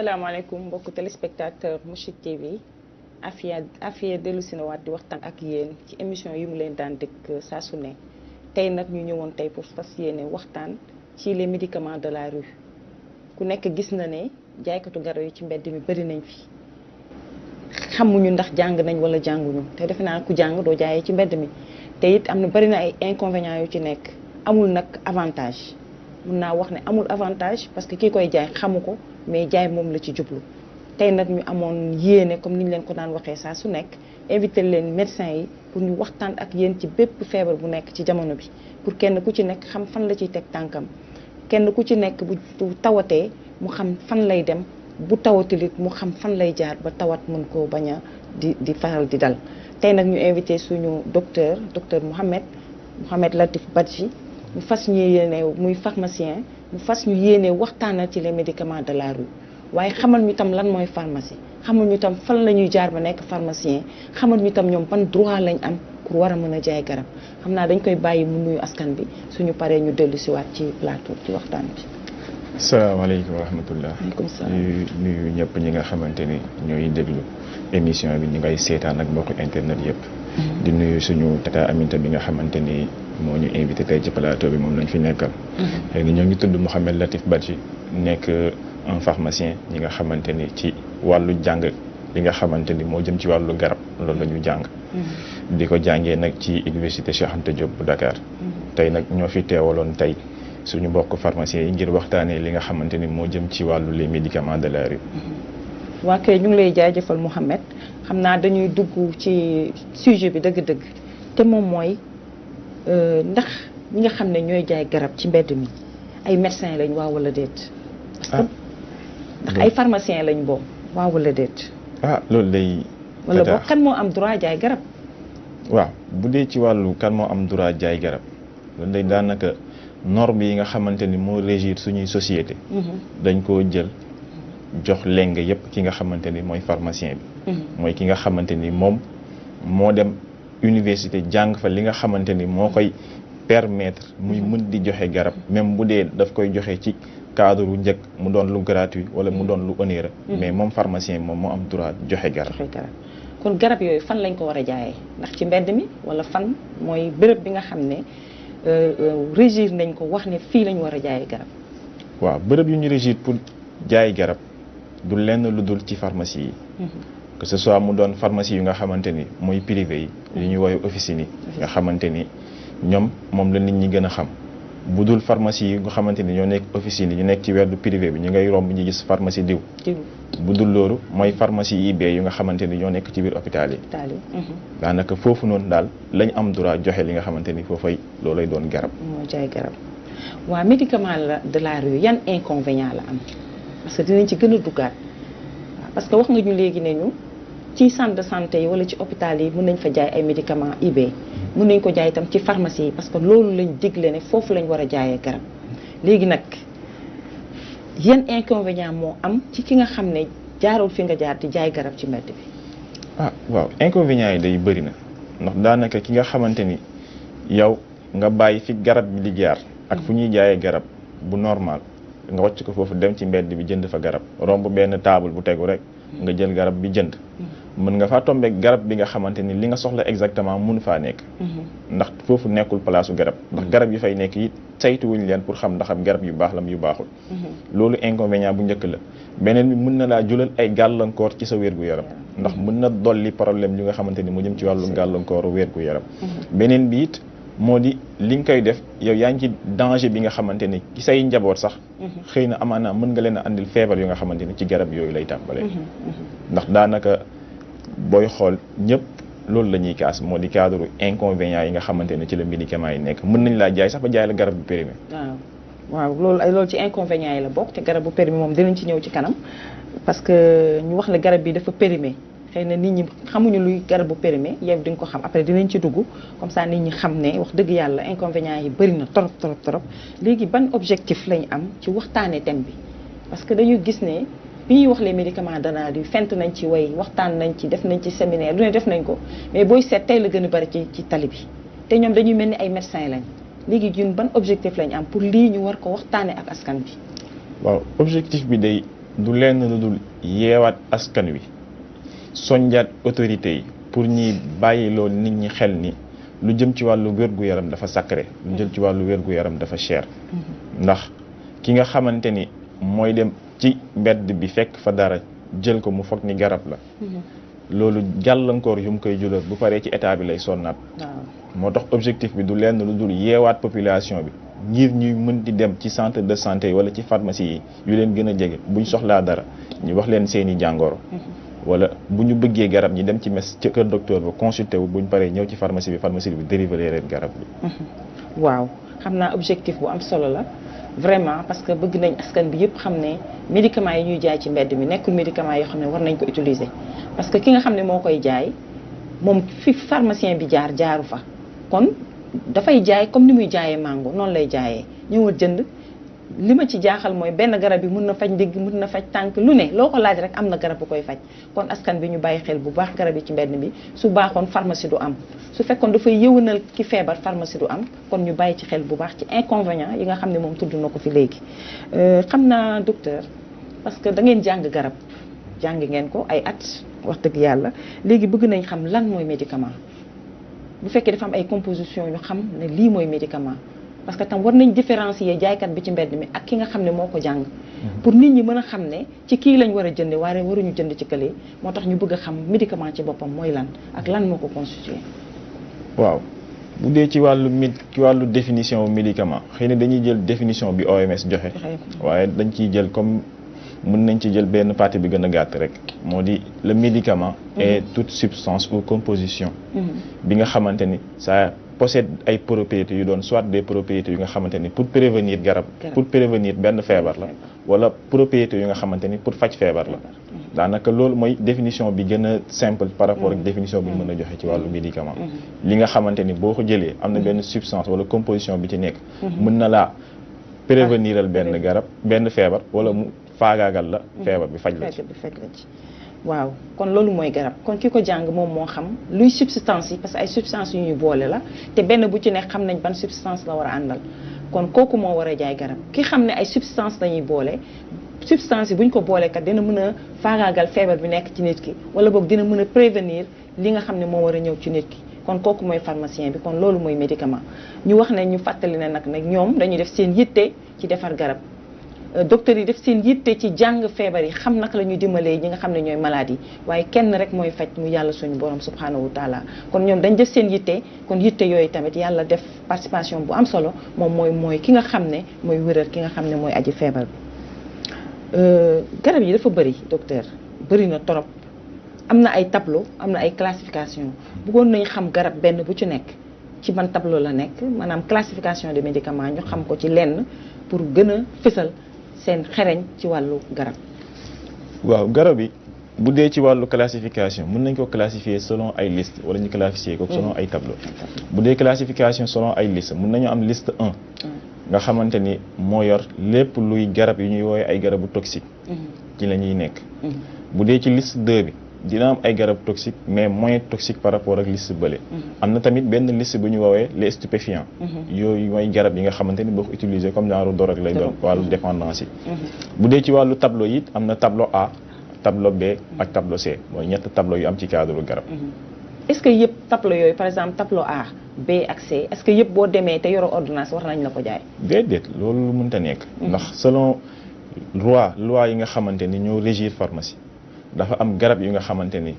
salaamaaleykum mbokk téléspectateur Mourchid bi Afia Afia dellu si na waat di waxtaan ak yéen ci émission yi mu leen daan dëkk saa su ne tey nag ñu ñëwoon tey pour fas yéene waxtaan ci les médicament de la rue ku nekk gis na ne jaaykatu garab yi ci mbedd mi bëri nañ fi xamuñu ndax jàng nañ wala jànguñu te defe naa ku jàng doo jaayee ci mbedd mi te it am na bëri na ay inconvénients yu ci nekk amul nag avantage mun naa wax ne amul avantage parce que kii koy jaay xamu ko. mais jaay moom la ci jublu tey nag ñu amoon yéene comme ni ñu leen ko daan waxee saa su nekk invité leen médecin yi pour ñu waxtaan ak yéen ci bépp feebar bu nekk ci jamono bi pour kenn ku ci nekk xam fan la ciy teg tànkam kenn ku ci nekk bu tawatee mu xam fan lay dem bu tawatilit mu xam fan lay jaar ba tawat mën koo bañ a di di faral di dal tey nag ñu invité suñu docteur docteur Mohamed Mohamed Latif Badji mu fas ñu yéene muy pharmacien mu fas ñu yéene waxtaan waxtaanal ci les médicament de la rue waaye xamal ñu tam lan mooy pharmacie xamal ñu tam fan la ñuy jaar ba nekk pharmacien xamal ñu tam ñoom ban droit lañ am pour war a mën a jaay garab xam naa dañ koy bàyyi mu nuyu askan bi suñu paree ñu dellu si ci plateau ci waxtaan bi. salaamaaleykum wa rahmatullah. waaleykum salaam ñuy nuyu ñëpp ñi nga xamante ni ñooy déglu émission bi ñu ngay seetaan ak mbokku internet yëpp. Mm-hmm. di nuyu suñu tata Aminta bi nga xamante ni. moo ñu invité tey ci plateau bi moom lañ fi nekkal. Mm-hmm. léegi ñoo ngi tudd Mouhamed Latif Badji nekk un pharmacien ñi nga xamante ni ci wàllu jàng li nga xamante ni moo jëm ci wàllu garab loolu la ñu jàng. Mm-hmm. di ko jàngee nag ci université Cheikh Anta Diop bu Dakar. Mm-hmm. tey nag ñoo fi teewaloon tey suñu mbokk pharmacien yi ngir waxtaanee li nga xamante ni moo jëm ci wàllu les médicaments de la rue. waa kay ñu ngi lay jëfal Mouhamed xam naa dañuy dugg ci sujet bi dëgg-dëgg te moom mooy. Euh, ndax ñi nga xam ne ñooy jaay garab ci mbedd mi ay médecin lañ waaw wala déet. parce ah. ndax ay pharmacien lañ boobu waaw wala déet. ah loolu day. wala boog kan moo am droit garab. waaw bu dee ci wàllu kan moo am droit jaay garab loolu day hmm. daanaka norme yi nga xamante ni moo régir suñuy société. Hmm. dañ koo jël jox leng yépp ki nga xamante ni mooy pharmacien bi. Hmm. mooy ki nga xamante ni moom moo dem université jàng fa li nga xamante ni moo koy permettre muy mm-hmm. mun di joxe garab même bu dee daf koy joxe ci cadre wu njëkk mu doon lu gratuit wala mu mm-hmm. doon lu onéreux mm-hmm. mais moom pharmacien moom moo am droit joxe garab kon garab yooyu fan lañ ko war a jaayee ndax ci mbedd mi wala fan mooy bërëb bi nga xam ne euh, euh, régir nañ ko wax ne fii lañ war a jaayee garab waaw béréb yu ñu régir pour jaay garab du lenn lu dul ci pharmacie yi que ce soit mu doon pharmacie yu nga xamante ni mooy privé yi ñuy woowee officine yi nga xamante ni ñoom moom la nit ñi gën a xam bu dul pharmacie yi nga xamante ni ñoo nekk officine yi ñu nekk ci wàllu privé bi ñu ngay romb ñu gis pharmacie diw bu dul loolu mooy pharmacie yi bee yu nga xamante ni ñoo nekk ci biir hôpital yi mhm. daanaka foofu noonu daal lañ am droit joxe li nga xamante ni foofay loolay doon garab moo waa médicament la de yan inconvénient la am ci gën a que ci centre de santé yi wala ci hôpital yi mën nañ fa jaay ay médicaments IB mën nañ ko jaay itam ci pharmacie yi parce que loolu lañ digle ne foofu lañ war a jaayee garab léegi nag yan inconvénient moo am ci ki nga xam ne jaarul fi nga jaar di jaay garab ci mbedd bi. ah waaw inconvénient yi day bëri na ndax daanaka ki nga xamante ni yow nga bàyyi fi garab bi di jaar. ak fu ñuy jaayee garab bu normal nga wàcc ko foofu dem ci mbedd bi jënd fa garab romb benn taabal bu tegu rek nga jël garab bi jënd. Mm-hmm. mën nga faa tombeek garab bi nga xamante ni li nga soxla exactement mun faa nekk mhm. ndax foofu nekkul palaasu garab ndax mhm. garab yu fay nekk it saytuwuñ leen pour xam ndax am garab yu baax lam yu baaxul mhm. loolu inconvénient bu njëkk la beneen bi mën na laa julal ay gàllankoor ci sa wér yaram ndax mën na dolli problème yu nga xamante ni mu jëm ci wàllum gàllankooru wér yaram beneen bi moo di li nga koy def yow yaa ngi ci bi nga xamante ni say njaboot sax xëy na amaana mën nga leen a andil feebar yu nga xamante ni ci garab yooyu lay tàmbalee ndax daanaka booy xool ñëpp loolu la ñuy kaas moo di cadre inconvénient yi nga xamante ne ci la médicament yi nekk mën nañ laa jaay sax ba jaay la garab bu périmé waaw loolu loolu ci inconvénient yi la bokk te garab bu périmé moom dinañ ci ñëw ci kanam parce que ñu wax la garab bi dafa périmé xëy na nit ñi xamuñu luy garab bu périmé yow di nga ko xam après dinañ ci dugg comme ça nit ñi xam ne wax dëgg yàlla inconvénient yi bëri na trop trop trop léegi ban objectif lañu am ci waxtaanee thème bi parce que bi wax les médicaments d'anadu fent nañ ci way waxtaan nañ ci def nañ ci séminaire lu ne def nañ ko mais booy seet tey la gën a bari ci ci tali bi te ñoom dañuy mel ni ay médecins lañ léegi ñun ban objectif lañ am pour lii ñu war ko waxtaanee ak askan bi. waaw objectif bi day du lenn lu dul yeewaat askan wi soñjaat autorités yi pour ñuy bàyyiloo nit ñi xel ni lu jëm ci wàllu wér-gu-yaram dafa sacré lu jëm ci wàllu wér-gu-yaram dafa cher. Mm-hmm. ndax ki ci mbedd bi fekk fa dara jël ko mu foog ni garab la mhm. loolu jàllankoor yu mu koy julal bu paree ci état bi lay sonnaat moo tax objectif bi du leen lu dul yeewaat population bi ngir ñuy mën di dem ci centre de santé yi wala ci pharmacie yi yu leen gën a jege buñ soxlaa dara ñu wax leen seeni jàngoro mhm. wala bu ñu bëggee garab ñi dem ci mess ci kër docteur ba consulté wu buñ paree ñëw ci pharmacie bi pharmacie bi dérivé leen garab bi mhm. waaw xam naa objectif bu am solo la vraiment parce que bëgg nañ askan bi yëpp xam ne médicament yi ñuy jaay ci mbedd mi nekkul médicament yoo xam ne war nañ ko utiliser parce que ki nga xam ne moo koy jaay moom fi pharmacien bi jaar jaaru fa kon dafay jaay comme ni muy jaayee mango noonu lay jaayee ñëwal jënd li ma ci jaaxal mooy benn garab yi mun na faj ndigg mun na faj tànk lu ne loo ko laaj rek am na garab bu koy faj kon askan bi ñu bàyyi xel bu baax garab yi ci mbenn bi su baaxoon pharmacie du am su fekkoon dafay yëwanal ki feebar pharmacie du am kon ñu bàyyi ci xel bu baax ci inconvénient yi nga xam ne moom tudd na ko fi léegi euh, xam naa docteur parce que da ngeen jàng garab jàng ngeen ko ay at wax dëgg yàlla léegi bëgg nañ xam lan mooy médicament bu fekkee dafa ay composition ñu xam lii mooy médicament parce que tam war nañ différencier jaaykat bi ci mbedd mi ak ki nga xam ne moo ko jàng pour nit ñi mën a xam ne ci kii lañ war a jënd waaye waruñu jënd ci kële moo tax ñu bëgg a xam médicament ci boppam mooy lan ak lan moo ko constitué waaw bu dee ci wàllu mi ci wàllu définition médicament xëy na dañuy jël définition bi OMS joxe waaye dañ ciy jël comme mun nañ ci jël benn partie bi gën a gàtt rek moo di le médicament mm-hmm. est toute substance ou composition mm-hmm. bi nga xamante ni possède ay propriétés yu doon soit des propriétés yu nga xamante ni pour prévenir garab pour prévenir benn feebar la wala propriétés yu nga xamante ni pour faj feebar la mm-hmm. daanaka loolu mooy définition bi gën a simple par rapport ak mm-hmm. définition bi ñu mën a joxe ci mm-hmm. wàllu médicament li nga xamante ni boo ko jëlee am na benn substance wala composition bi ci nekk mën na laa préveniral ah, benn garab benn feebar wala mu faagaagal la feebar bi faj la ci waaw kon loolu mooy garab kon ki ko jàng moom moo xam luy substance yi parce que ay substance yu ñuy boole la te benn bu ci nekk xam nañ ban substance la war a àndal kon kooku moo war a jaay garab ki xam ne ay substance lañuy boole substance yi bu ñu ko boolee kat dina mën a faagaagal feebar bi nekk ci nit ki wala boog dina mën a prévenir li nga xam ne moo war a ñëw ci nit ki kon kooku mooy pharmacien bi kon loolu mooy médicament ñu wax ne ñu fàttali ne nag nag ñoom dañuy def seen yitte ci defar garab Euh, docteur yi def seen yitte ci jàng feebar yi xam naka la ñuy dimbalee ñi nga xam ne ñooy malade waaye kenn rek mooy faj mu yàlla suñu borom subhanahu wa taala kon ñoom dañ def seen yitte kon yitte yooyu tamit yàlla def participation bu am solo moom mooy mooy ki nga xam ne mooy wéral ki nga xam ne mooy aji feebar bi euh, garab yi dafa bëri docteur bëri na torop am na ay tableau am na ay classification buggoon nañu xam garab benn bu ci nekk ci man tableau la nekk maanaam classification des médicaments ñu xam ko ci lenn pour gën a fësal seen xereñ ci wàllu garab. waaw garab yi bu dee ci wàllu classification mun nañ koo classifier selon ay liste wala ñu classifier ko mm. selon ay tableau bu dee classification selon ay liste mun nañu am liste un mm. nga xamante ni moo yor lépp luy garab yu ñuy woowee ay garabu toxique mm-hmm. ci la ñuy nekk mm-hmm. bu dee ci liste deux bi dina am ay garab toxique mais moins toxique par rapport ak list bële mm-hmm. am na tamit benn liste bu ñu woowee les stupéfiants mm-hmm. yooyu mooy garab yi nga xamante ni boo ko utiliser comme genre dorog lay doon wàllu mm-hmm. dépendance yi bu dee ci wàllu tableau yi am na tableau A tableau ak tableau mooy ñett tableau yu am ci cadre garab est-ce que yëpp tableau yooyu par exemple tableau A B C que yëpp boo demee te yoroo ordonnance war nañ la ko jaay déedéet loolu nekk ndax selon loi loi yi nga xamante ni ñoo régir pharmacie dafa am garab yu nga xamante ni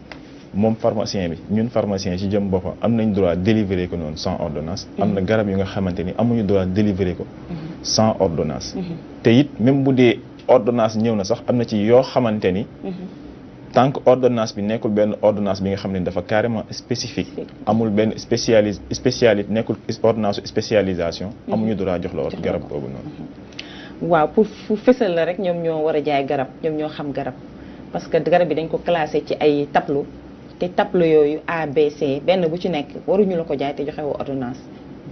moom pharmacien bi ñun pharmacien ci jëm boppam am nañ droit délivrer ko noonu sans ordonnance am na mhm. garab yu nga xamante ni amuñu droit délivrer ko mhm. sans ordonnance mhm. te it même bu dee ordonnance ñëw na sax am na ci yoo xamante ni tant que bi nekkul benn ordonnance bi nga xam ne dafa carrément spécifique amul benn spécialis spécialité nekkul ordonnance spécialisation amuñu droit jox la garab boobu noonu waaw pour fu la rek ñoom ñoo war a jaay garab ñoom ñoo xam garab parce que garab bi dañ ko classé ci ay tableau te tableau yooyu ABC benn bu ci nekk waruñu la ko jaay te joxe woo ordonnance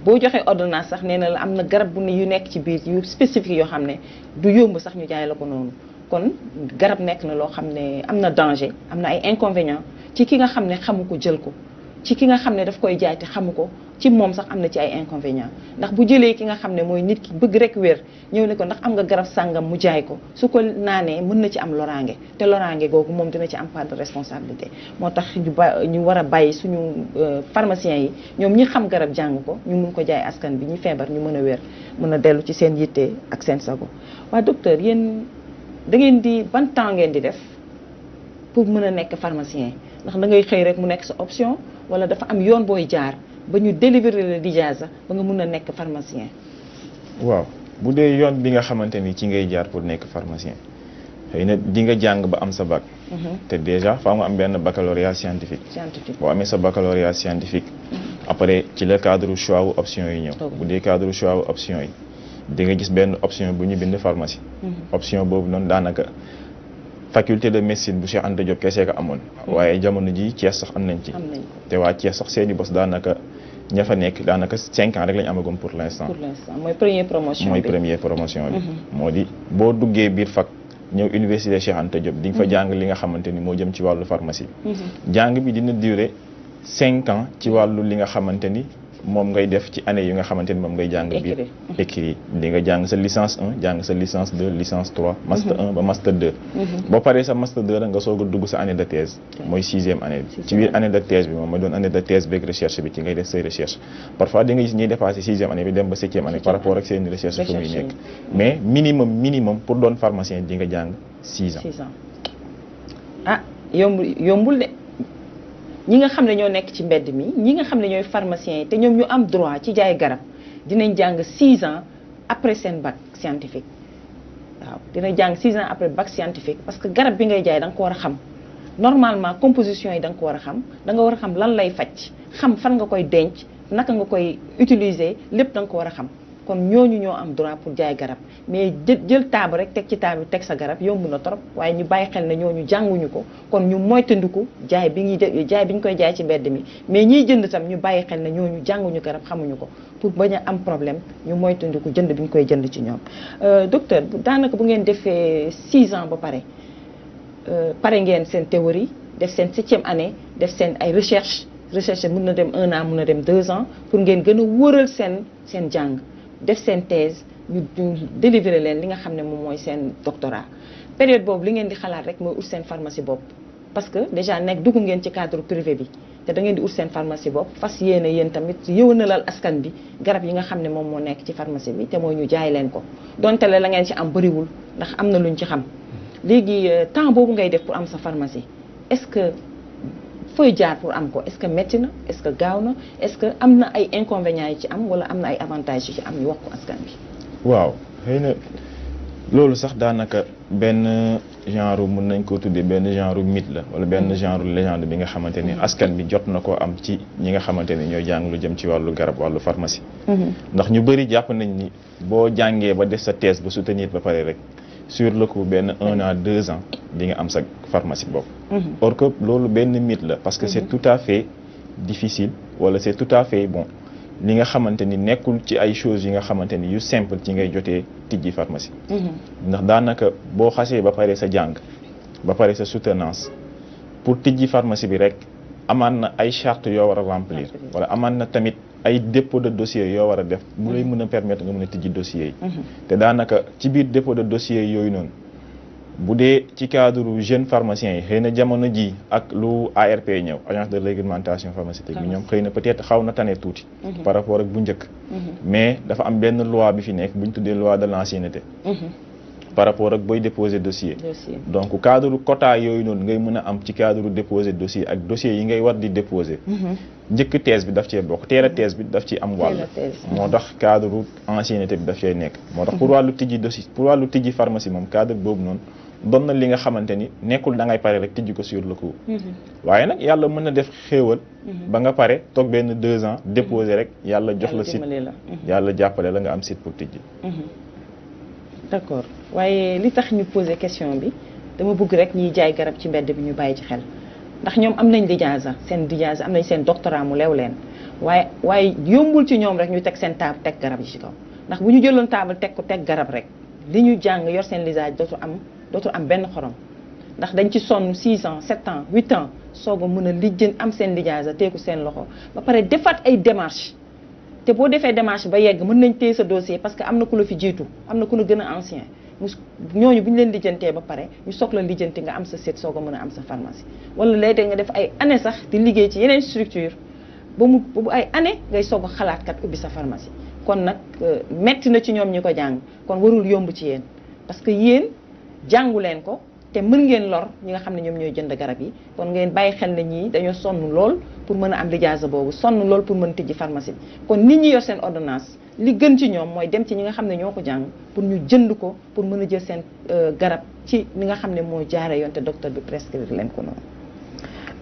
boo joxee ordonnance sax nee na la am na garab bu ne yu nekk ci biir yu spécifique yoo xam ne du yomb sax ñu jaay la ko noonu kon garab nekk na loo xam ne am na danger am na ay inconvénients ci ki nga xam ne xamu ko jël ko ci ki nga xam ne daf koy jaay te xamu ko ci moom sax am na ci ay inconvénients ndax bu jëlee ki nga xam ne mooy nit ki bëgg rek wér ñëw ne ko ndax am nga garab sàngam mu jaay ko su ko naanee mën na ci am loraange te loraange googu moom dina ci am part de responsabilité moo tax ñu ba ñu war a bàyyi suñu euh, pharmaciens yi ñoom ñi xam garab jàng ko ñu mun ko jaay askan bi ñu feebar ñu mën a wér mën a dellu ci seen yitte ak seen sago waa docteur yéen da ngeen di ban temps ngeen di def pour mën a nekk pharmacien ndax da ngay xëy rek mu nekk sa option wala dafa am yoon booy jaar ba ñu délivrer la lijaasa ba nga mun a nekk pharmacien. waaw bu dee yoon bi nga xamante ni ci ngay jaar pour nekk pharmacien xëy na di nga jàng ba am sa bag mhm. te déjà faa nga am benn baccalauréat scientifique. scientifique boo amee sa baccalauréat scientifique. Mhm. après ci la cadre choix wu option yi ñëw. bu dee cadre choix wu option yi. di nga gis benn option bu ñu bind pharmacie. Mhm. option boobu noonu daanaka faculté de médecine bu Cheikh Anta Diop kese ka amoon waaye jamono ji Thiès sax am nañ ci te waa Thiès sax seeni bos daanaka ña fa nekk daanaka cinq ans rek lañ amagum pour l'instant mooy première promotion mooy première promotion bi mhm. moo di boo duggee biir fac ñëw université Cheikh Anta Diop di fa mhm. jàng li nga xamante ni moo jëm ci wàllu pharmacie mhm. jàng bi dina durer cinq ans ci wàllu li nga xamante ni moom ngay def ci année yi nga xamante ni moom ngay jàng biir écrit di nga jàng sa licence 1 jàng sa licence 2 licence 3 master 1 mhm. ba master 2 mhm. boo paree sa master 2 la nga soog a dugg sa année de thèse mooy sixième année bi ci biir année de thèse bi moom mooy doon année de thèse beeg recherche bi ci ngay def say recherche parfois di nga gis ñuy dépassé sixième année bi dem ba septième année par rapport ak seen recherche fu muy nekk mais minimum minimum pour doon pharmacien di nga jàng six ans six ans ah yombul yombul de ñi nga xam ne ñoo nekk ci mbedd mi ñi nga xam ne ñooy pharmaciens yi te ñoom ñu am droit ci jaay garab dinañ jàng 6 ans après seen bac scientifique waaw dina jàng 6 ans après bac scientifique parce que garab bi ngay jaay da ko war a xam normalement composition yi da nga ko war a xam danga war a xam lan lay faj xam fan nga koy denc naka nga koy utiliser lépp danga ko war a xam kon ñooñu ñoo am droit pour jaay garab mais jë jël table rek teg ci table teg sa garab yomb na trop waaye ñu bàyyi xel ne ñooñu jànguñu ko kon ñu moytandiku jaay bi ñuy jaay bi ñu koy jaay ci mbedd mi mais ñiy jënd tam ñu bàyyi xel ne ñooñu jànguñu garab xamuñu ko pour bañ a am problème ñu moytandiku jënd bi ñu koy jënd ci ñoom euh, docteur daanaka bu ngeen defee 6 ans ba pare euh, pare ngeen seen théorie def seen septième année def seen ay recherche recherche mën na dem un an mën dem deux ans pour ngeen gën a wóoral seen seen jàng def seen thèse ñu délivrer leen li nga xam ne moom mooy seen doctorat période boobu li ngeen di xalaat rek mooy ut seen pharmacie bopp parce que déjà nekk dugg ngeen ci cadre privé bi te da ngeen di ut seen pharmacie bopp fas yéene yéen tamit yëwanalal askan bi garab yi nga xam ne moom moo nekk ci pharmacie bi te mooy ñu jaay leen ko donte la la ngeen ci am bëriwul ndax am na lu ñu ci xam mm-hmm. léegi euh, temps boobu ngay def pour am sa pharmacie est-ce que fooy jaar pour am ko est-ce que métti na est-ce que gaaw na est-ce que am na ay inconvénients yi ci am wala am na ay avantages yu ci am yu wax askan bi waaw xëy na loolu sax daanaka benn genre mun nañ koo tuddee benn genre mythe la wala benn mm-hmm. genre légende bi nga xamante ni mm-hmm. askan bi jot na koo am ci ñi nga xamante ni ñooy jàng lu jëm ci wàllu garab wàllu pharmacie. Mm-hmm. ndax ñu bëri jàpp nañ boo jàngee ba def sa thèse ba soutenir ba pare rek. sur le coup benn un an deux ans di nga am sa pharmacie bopp or que loolu benn mythe la parce que c'est mhm. tout à fait difficile wala c'est tout à fait bon li nga xamante ni nekkul ci ay choses yi nga xamante ni yu simple ci ngay jotee tijji pharmacie mhm. ndax daanaka boo xasee ba pare sa jàng ba pare sa soutenance pour tijji pharmacie bi rek amaan na ay charte yoo war a remplir wala amaan na tamit ay dépôt de dossier yoo war a def bu lay mën a permettre nga mën a tijji dossiers yi mhm. te daanaka ci biir dépôt de dossier yooyu noonu bu dee ci cadre jeune pharmacien yi xëy na jamono ji ak lu ARP ñëw agence de réglementation pharmaceutique bi ñoom xëy na peut-être xaw na tane tuuti mhm. par rapport ak bu njëkk mhm. mais dafa am benn loi bi fi nekk bu ñu tuddee loi de l'ancienneté par rapport ak booy déposé dossier. donc cadre quota yooyu noonu ngay mën a am ci cadre déposer dossier ak dossier yi ngay war di déposé mhm. njëkk tees bi daf cee bokk teel a tees bi daf ci am wàll. moo tax cadre ancienneté bi daf cee nekk. moo tax pour mhm. wàllu tijji dossier pour wàllu tijji pharmacie moom cadre boobu noonu. doon na li nga xamante ni nekkul da ngay pare rek tijji ko sur la ko mhm. waaye nag yàlla mën na def xéewal. ba nga pare toog benn deux ans déposé rek yàlla jox la site. yàlla jàppale la nga am site pour d'accord waaye li tax ñu posé question bi dama bugg rek ñiy jaay garab ci mbedd bi ñu bàyyi ci xel ndax ñoom am nañ lijaasa seen lijaasa am nañ seen doctorat mu leew leen waaye waaye yombul ci ñoom rek ñu teg seen taab teg garab yi ci kaw ndax bu ñu jëloon taabal teg ko teg garab rek li ñu jàng yor seen lijaasa dootul am dootul am benn xorom ndax dañ ci sonn 6 ans 7 ans 8 ans soog mën a lijjën am seen lijaasa teeku seen loxo ba pare defaat ay démarches te boo defee démarche ba yegg mën nañ téye sa dossier parce que am na ku la fi jiitu am na ku la gën a ancien mu ñooñu bu ñu leen lijjantee ba pare ñu soog la lijjanti nga am sa seet soo a mën a am sa pharmacie wala léeg-léeg nga def ay année sax di liggéey ci yeneen structure ba mu bu ay année ngay soog a xalaat kat ubbi sa pharmacie kon nag euh, metti na ci ñoom ñi ko jàng kon warul yomb ci yéen parce que yéen jàngu leen ko te mën ngeen lor ñi nga xam ne ñoom ñooy jënd garab yi kon ngeen bàyyi xel ne ñii dañoo sonn lool pour mën a am lijaasa boobu sonn lool pour mën tijji pharmacie bi kon nit ñi yor seen ordonnance li gën ci ñoom mooy dem ci ñi nga xam ne ñoo ko jàng pour ñu jënd ko pour mën a jël seen euh, garab ci li nga xam ne moo jaare yoon te docteur bi prescrire leen ko noonu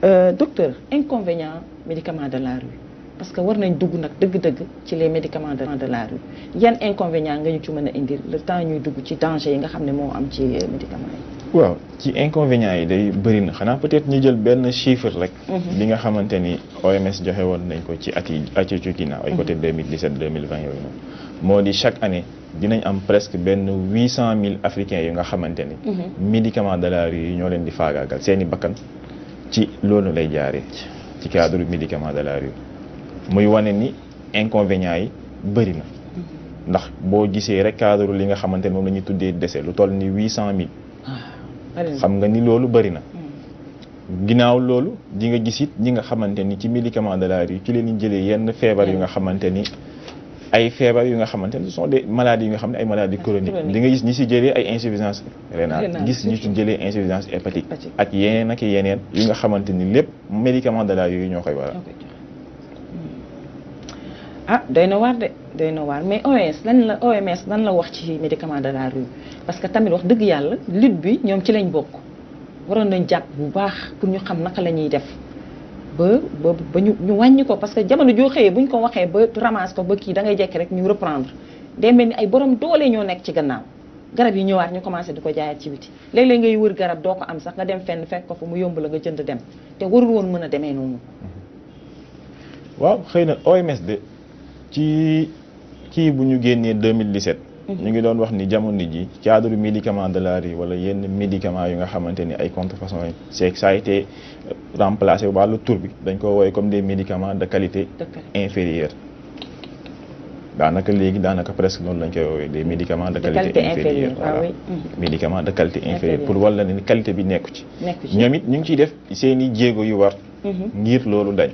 euh, docteur inconvénient médicament de la rue parce que war nañ dugg nag dëgg-dëgg ci les médicaments de la rue yan inconvénient nga ñu ci mën a indi le temps ñuy dugg ci danger yi nga xam ne moo am ci euh, médicament yi waaw ci inconvénients yi day bëri na xanaa peut-être ñu jël benn chiffre rek. li mhm. nga xamante ni OMS joxe woon nañ ko ci at yi at ci ginnaaw. ay côté 2017 mhm. 2020 yooyu noonu. moo di chaque année dinañ am presque benn huit cent mille africains yi nga xamante ni. Mhm. médicaments de la rue ñoo leen di faagaagal seen i bakkan ci loolu lay jaaree. ci cadre médicaments de la rue muy wane ni inconvénients yi bëri na. ndax boo gisee rek cadre li nga xamante ni moom la tuddee décès lu toll ni huit cent mille. xam nga ni loolu bëri na ginnaaw loolu di nga gis it ñi nga xamante ni ci médicament de la rue ci leen jëlee yenn feebar yi nga xamante ni ay feebar yu nga xamante ne ce sont des maladies nga xam ne ay maladies chroniques di nga gis ñi si jëlee ay insuffisance rénale gis ñi si jëlee insuffisance hépatique ak yeneen ak yeneen yu nga xamante ni lépp médicament de la rue yi ñoo koy waral ah doy na waar de doy na waar mais OMS lan la OMS lan la wax ci médicament de la rue parce que tamit wax dëgg yàlla lutte bi ñoom ci lañ bokk waroon nañ jàpp bu baax pour ñu xam naka la ñuy def ba ba ñu ñu wàññi ko parce que jamono joo xëyee bu ñu ko waxee ba ramasse ko ba kii da ngay jekki rek ñu reprendre day mel ni ay borom doole ñoo nekk ci gannaaw garab yi ñëwaat ñu commencé di ko jaayaat ci witi léeg-léeg ngay wër garab doo ko am sax nga dem fenn fekk ko mu yomb nga jënd dem te warul woon mën a demee ci kii bu ñu génnee 2017. Mhm. ñu ngi doon wax ni jamono ji cadre médicament de la rue wala yenn médicament yi nga xamante ni ay contrefaçon yi c'est que ça a été remplacé wàllu tur bi dañ ko woowee comme des médicament de qualité inférieure daanaka léegi daanaka presque noonu lañ ko woowee des médicament ah mhm. de qualité inférieure voilà médicament de qualité inférieure pour wala ne qualité bi nekku ci ñoom it ñu ngi ciy def seen jéego yu war mhm. ngir loolu dañ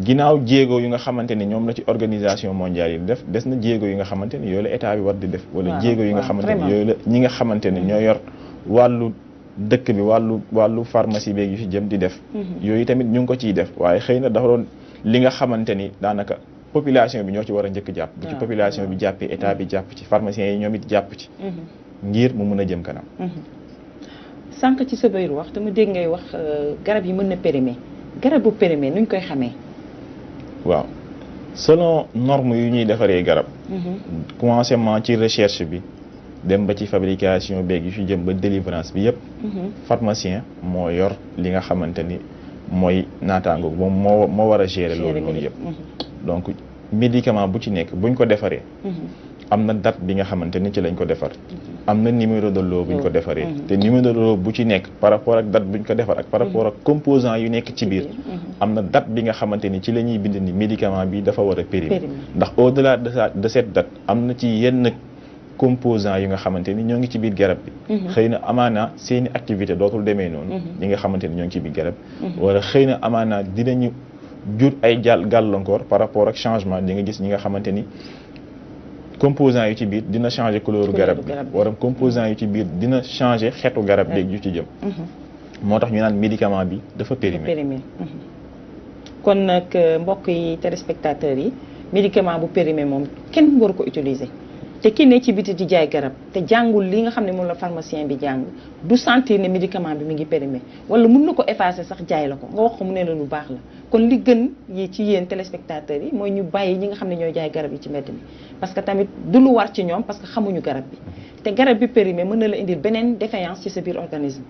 ginnaaw jéego yu nga xamante ni ñoom la ci organisation mondial yi def des na jéego yi nga xamante ni yooyu la état bi war di def. wala jéego yi nga xamante ni yooyu la ñi nga xamante ni ñoo yor wàllu dëkk bi wàllu wàllu pharmacie beeg yu fi jëm di def. Mhm. yooyu tamit ñu ngi ko ciy def waaye xëy na dafa doon li nga xamante ni daanaka population bi ñoo ci war a njëkk jàpp. bu ci ah. population bi jàppee état bi jàpp ci pharmaciens yi ñoom it jàpp ci. Mhm. ngir mu mën a jëm kanam. Mhm. sànq ci sa biir wax dama dégg ngay wax euh, garab yi mën na périmer garabu périmer nuñ koy xamee waaw selon norme yu ñuy defaree garab. Mhm. commencement ci recherche bi dem ba ci fabrication beeg yu fi jëm ba délivrance bi yëpp. Mhm. pharmacien moo yor li nga xamante ni mooy naataango moom moo moo war a gérer loolu loolu yëpp. Mhm. donc médicament bu ci nekk buñ ko defaree. am na date bi nga xamante ni ci lañ ko defar am na numéro de lot buñ ko defaree mm-hmm. te numéro de bu ci nekk par rapport ak date buñ ko defar par mm-hmm. rapport ak composant yu nekk ci biir mm-hmm. am na date bi nga xamante ni ci la ñuy bind ni médicament bi dafa war a périm ndax au delà de ça de cette am na ci yenn composant yi nga xamante ni ñoo ngi ci biir garab bi xëy na amaana seeni activité dootul demee noonu ñi nga xamante ni ñoo ngi ci biir garab wala xëy na amaana dinañu jur ay jàll gàllankoor par rapport ak changement di nga gis ñi nga xamante ni composant yu ci biir dina changer couleur garab bi wala composant yu ci biir dina changer xetu garab beeg mm-hmm. yu ci jëm mm-hmm. moo tax ñu naan médicament bi dafa périmé mm-hmm. kon nag euh, mbokk yi téléspectateurs yi médicament bu périmé moom kenn waru ko utiliser te ki ne ci biti di jaay garab te jàngul li nga xam ne moom la pharmacien bi jàng du sentir ne médicament bi mi ngi périmé wala mun na ko effacer sax jaay la ko nga wax ko mu ne la lu baax la kon li gën yi ci yéen téléspectateurs yi mooy ñu bàyyi ñi nga xam ne ñooy jaay garab yi ci mbedd mi parce que tamit du lu war ci ñoom parce que xamuñu garab bi te garab bi périmé mën na la indil beneen défaillance ci sa biir organisme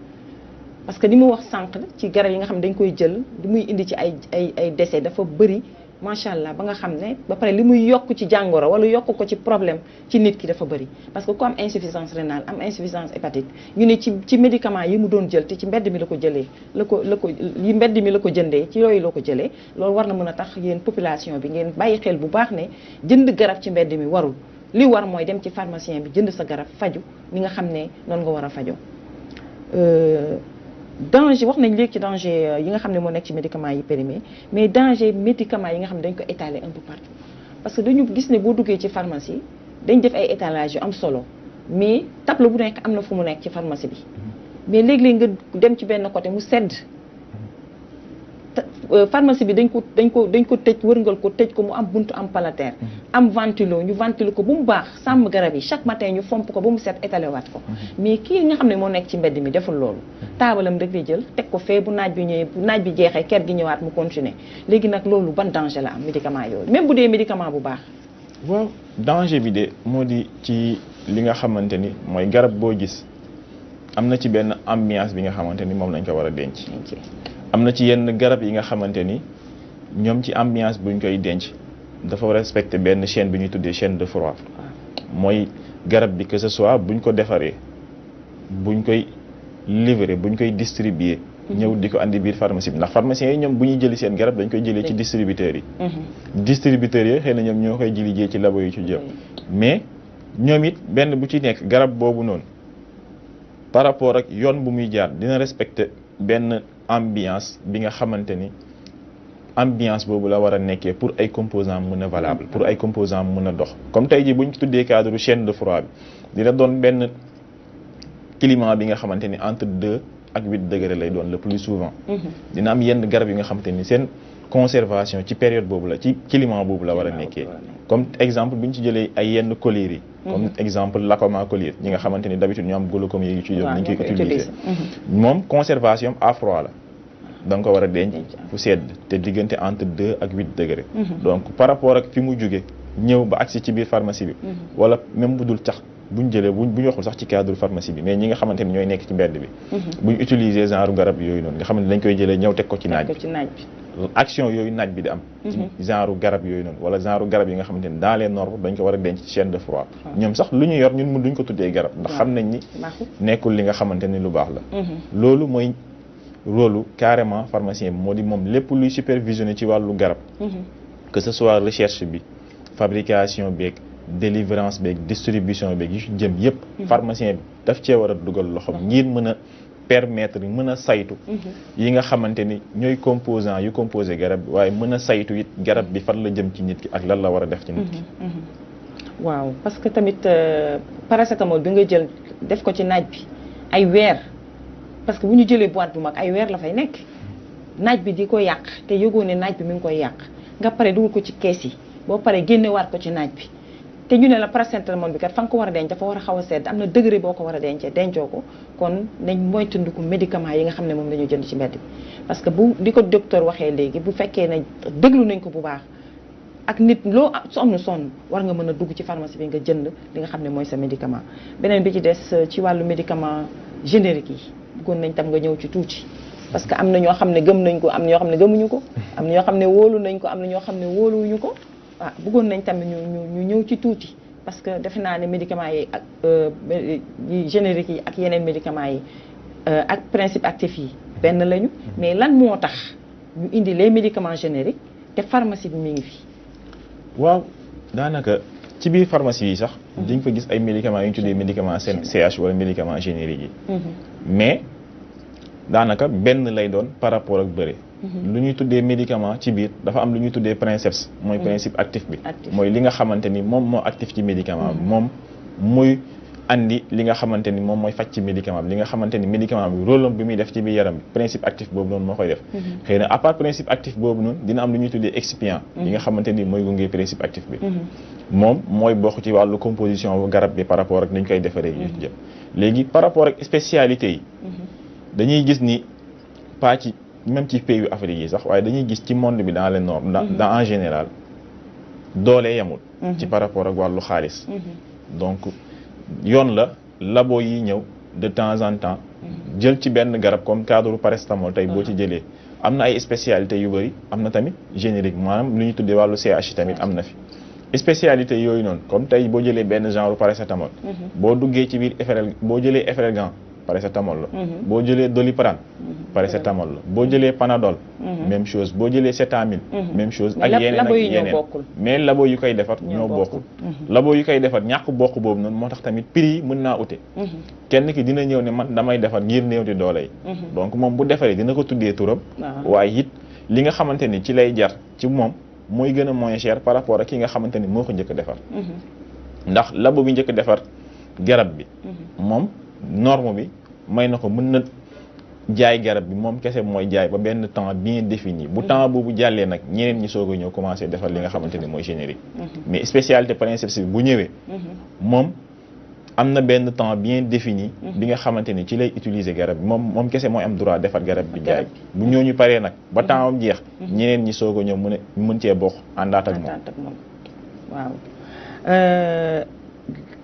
parce que ni mu wax sànq ci garab yi nga xam ne dañ koy jël li muy indi ci ay ay ay décès dafa bëri macha allah ba nga xam ne ba pare li muy yokk ci jàngoro wala yokk ko ci problème ci nit ki dafa bëri parce que ku am insuffisance rénale am insuffisance hépatique ñu ne ci ci médicament yi mu doon jël te ci mbedd mi la ko jëlee la ko la ko yi mbedd mi la ko jëndee ci yooyu la ko jëlee loolu war na mën a tax yéen population bi ngeen bàyyi xel bu baax ne jënd garab ci mbedd mi warul li war mooy dem ci pharmacien bi jënd sa garab faju ni nga xam ne noonu nga war a fajoo euh, danger wax nañ léegi ci danger euh, yi nga xam ne moo nekk ci médicament yi périmés mais danger médicaments yi nga xam ne dañ ko étaler un peu partout parce que dañu gis ne boo duggee ci pharmacie dañ def ay étalage yu am solo mais tableau bu nekk am na fu mu nekk ci pharmacie bi mm-hmm. mais léeg-léeg nga dem ci benn côté mu sedd Euh, pharmacie bi dañ ko dañ ko dañ ko tëj wërngal ko tëj ko mu am bunt am palanteer mm-hmm. am ventilo ñu ventilo ko bu mu baax sàmm garab yi chaque matin ñu fomp ko ba mu set étalé waat ko mm-hmm. mais kii nga xam ne moo nekk ci mbedd mi deful loolu mm-hmm. taabalam rek lay jël teg ko fee bu naaj bi ñëwee naaj bi jeexee ker gi ñëwaat mu continuer léegi nag loolu ban danger la am médicament yooyu même bu dee médicament bu baax waaw danger bi de moo di ci li nga xamante ni mooy garab boo gis am na ci benn ambiance bi nga xamante ni moom lañ ko war a denc am na ci yenn garab yi nga xamante ni ñoom ci ambiance buñ koy denc dafa respecter benn chaine bi ñuy tuddee chaîne de froid mooy garab bi que ce soit buñ ko defaree buñ koy livrer buñ koy distribuer mhm. ñëw di ko andi biir pharmacie bi ndax pharmaciens yi ñoom bu ñuy jëli seen garab dañ koy jëlee ci distributeurs yi mhm. distributeurs yi xëy na ñoom ñoo koy jëli jee ci labo yu ci jëm mais ñoom it benn bu ci nekk garab boobu noonu par rapport ak yoon bu muy jaar dina respecter benn ambiance bi nga xamante ni ambiance boobu la war a nekkee pour ay composant mu mën a valable pour ay composant mu mën a dox comme tey jii buñ ci tuddee cadre chaîne de froid bi dina doon benn climat bi nga xamante ni entre deux ak huit degré lay doon le plus souvent mhm. dina am yenn garab yi nga xamante seen conservation ci période boobu la ci climat boobu la war a nekkee comme exemple bi ñu ci jëlee ay yenn collyre yi mhm. comme exemple lacoma collyre ñi nga xamante ni d'habitude ñu mhm. da nga ko a denc fu sedd te diggante entre deux ak huit degré mhm. donc par rapport ak fi mu jóge ñëw ba agsi ci biir pharmacie bi wala même bu dul tax buñ jëlee bu ñu waxul sax ci cadre pharmacie bi mais ñi nga xamante ñooy nekk ci mbedd bi buñ utiliser genre garab yooyu noonu nga xamante action yooyu naaj bi di am. ci mhm. genre garab yooyu noonu wala genre garab yi nga xamante ni dans les normes dañ ko war a denc ci chaîne de froid. ñoom sax lu ñu yor ñun mun duñ ko tuddee garab. ndax xam nañ ni nekkul li nga xamante ni lu baax la. Mhm. loolu mooy loolu carrément pharmacien bi moo di moom lépp luy supervisionné ci wàllu garab. Mhm. que ce soit recherche bi fabrication beeg délivrance beeg distribution beeg yu jëm yëpp. pharmacien bi daf cee war a dugal loxoom ngir mën a. permettre mën a saytu mhm. yi nga xamante ni ñooy composant yu composé garab bi waaye mën a saytu it garab bi fan la jëm ci nit ki ak lan la war a def ci nit ki mhm, mhm. waaw parce que tamit euh, paracétamol bi nga jël def ko ci naaj bi ay weer parce que bu ñu jëlee boîte bu mag ay weer la fay nekk naaj bi di ko yàq te yëgoo ne naaj bi mu ngi koy yàq nga pare dugal ko ci kees yi boo pare génnewaat ko ci naaj bi te ñu ne la paracétamol bi kat fa nga ko war a denc dafa war a xaw a sedd am na degré boo ko war a dencee dencoo ko kon nañ moytandiku médicament yi nga xam ne moom la jënd ci mbedd parce que bu di ko docteur waxee léegi bu fekkee ne déglu nañ ko bu baax ak nit loo su am na war nga mën a dugg ci pharmacie bi nga jënd li nga xam ne mooy sa médicament beneen bi ci des euh, ci wàllu médicament générique yi bëggoon nañ tam nga ñëw ci tuuti parce que am na ñoo xam ne gëm nañ ko am na xam ne gëmuñu ko am na ñoo xam ne wóolu nañ ko am na ñoo xam ne wóoluwuñu ko ah bëggoon nañ tamit ñu ñu ñu ñëw ci tuuti parce que defe naa ne médicament yi ak euh, yi générique yi ak yeneen médicaments yi euh, ak principe actif yi benn lañu mais lan moo tax ñu indi les médicaments génériques te pharmacie bi mi ngi fi. waaw daanaka ci biir pharmacie yi sax. dañ ko gis ay médicaments yi ñu tuddee médicaments CH wala médicaments génériques yi. Mhm. mais daanaka benn lay doon par rapport ak bëre. Mm-hmm. lu ñuy tuddee médicament ci biir dafa am lu ñuy tuddee princeps mooy mm-hmm. principe actif bi mooy li nga xamante ni moom moo actif ci médicament bi mm-hmm. moom muy andi li nga xamante ni moom mooy faj ci médicament bi li nga xamante ni médicament bi rôle bi muy def ci biir yaram bi principe actif boobu noonu moo koy ni mooy gunge principe actif bi moom mooy bokk ci wàllu composition bu garab bi par rapport ak ni ñu koy defaree léegi par rapport ak spécialité yi dañuy gis ni pàcc même ci pays yu Afrique yi sax waaye dañuy gis ci monde bi dans le nord mhm. dans en général doole yemul mhm. ci par rapport ak wàllu xaalis mhm. donc yoon la labo yi ñëw de temps en temps jël ci benn garab comme cadre paracétamol tey boo ci jëlee am na ay spécialité yu bëri am na tamit générique maanaam lu ñu tuddee wàllu CH tamit am na fi spécialité yooyu noonu comme tey boo jëlee benn genre paracétamol boo duggee ci biir FRL boo jëlee FRLgan paracétamol la mhm. boo jëlee doliprane mhm. paracétamol la boo jëlee panadol mhm. même chose boo jëlee cétamine même chose ak yeneen ak yeneen mais labo yu koy defar ñoo bokkul labo yu koy defar ñàkk bokk boobu noonu moo tax tamit prix yi mën naa ute kenn ki dina ñëw ne man damay defar ngir néew di doole yi donc moom bu defaree dina ko tuddee turam ah. waaye it li nga xamante ni ci lay jar ci moom mooy gën a moins cher par rapport ak ki nga xamante ni moo ko jëkk defar labo bi njëkk defar garab bi norme bi may na ko mën na jaay garab bi moom kese mooy jaay ba benn temps bien défini bu temps boobu jàllee nag ñeneen ñi soo a ñëw commencé defar li nga xamante ne mooy générique mhm. mais spécialité princeps bi bu ñëwee mhm. moom am na benn temps bien défini mhm. bi nga xamante ne ci lay utiliser garab bi moom moom kese mooy am droit defar garab bi jaay bu ñëw ñu pare nag ba temps am jeex ñeneen ñi soog a ñëw mën mu mën cee bokk àndaat ak moom waaw euh,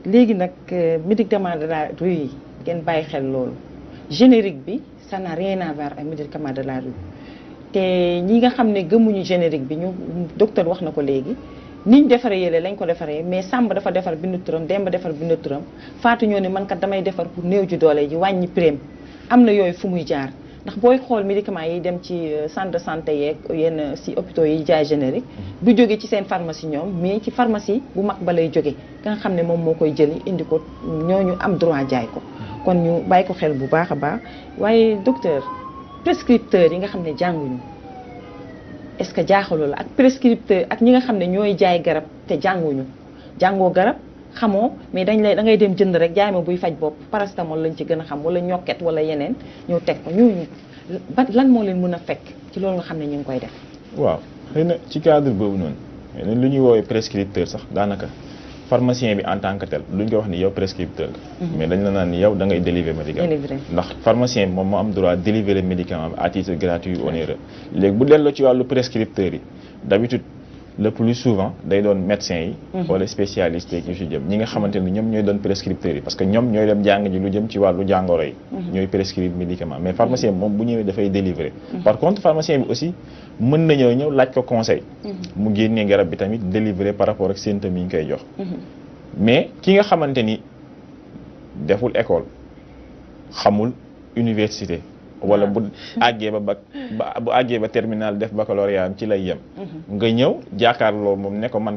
léegi nag euh, médicament de la rue yi kenn bàyyi xel loolu générique bi ça n'a rien à voir ak médicament de laa rue te ñi nga xam ne gëmuñu générique bi ñu docteur wax na ko léegi niñ defaree yële lañ ko defaree mais Samba dafa defar bindu turam Demba defar bindu turam Fatou ñoo ne man kat damay defar pour néew ju doole ji wàññi prime am na yooyu fu muy jaar ndax booy xool médicament yi dem ci euh, centre de santé yeeg yenn euh, si hôpitaux yi jaay générique mm-hmm. du jóge ci seen pharmacie ñoom mais ci pharmacie bu mag ba lay jóge nga xam ne moom moo koy jëli indi ko ñooñu am droit jaay ko kon ñu bàyyi ko xel bu baax a baax waaye docteur prescripteur yi nga xam ne jànguñu est-ce que jaaxaloo la ak prescripteur ak ñi nga xam ne ñooy jaay garab te jànguñu jàngoo garab xamoo mais dañ lay da ngay dem jënd rek jaay ma buy faj bopp paracétamol lañ ci gën a xam wala ñokket wala yeneen ñëw teg ko ñu ba lan moo leen mën a fekk ci loolu nga xam ne ñu ngi koy def. waaw xëy na ci cadre boobu noonu xëy lu ñuy woowee prescripteur sax daanaka. pharmacien bi en tant que tel duñ ko wax ni yow prescripteur mhm. mais dañ la naan ni yow da ngay délivrer médicament ndax pharmacien bi moom moo am droit délivrer médicament bi gratuit ou léegi bu delloo ci wàllu prescripteur yi d'habitude le plus souvent day doon médecin yi mhm. wala spécialiste yi ñu jëm ñi nga xamante ni ñoom ñooy doon prescripteurs yi parce que ñoom ñooy dem jàng ji lu jëm ci wàllu jàngoro yi mhm. ñooy prescrire médicament mais pharmacien bi moom bu ñëwee dafay délivrer mhm. par mën nañoo ñëw laaj ko conseil mu génnee garab bi tamit délivrer par rapport ak symptômes yi ñu koy jox mais ki nga xamante ni deful école xamul université wala bu àggee ba bac bu àggee ba terminal def baccalauréat am ci lay yem mm-hmm. nga ñëw jàkkaarloo moom ne ko man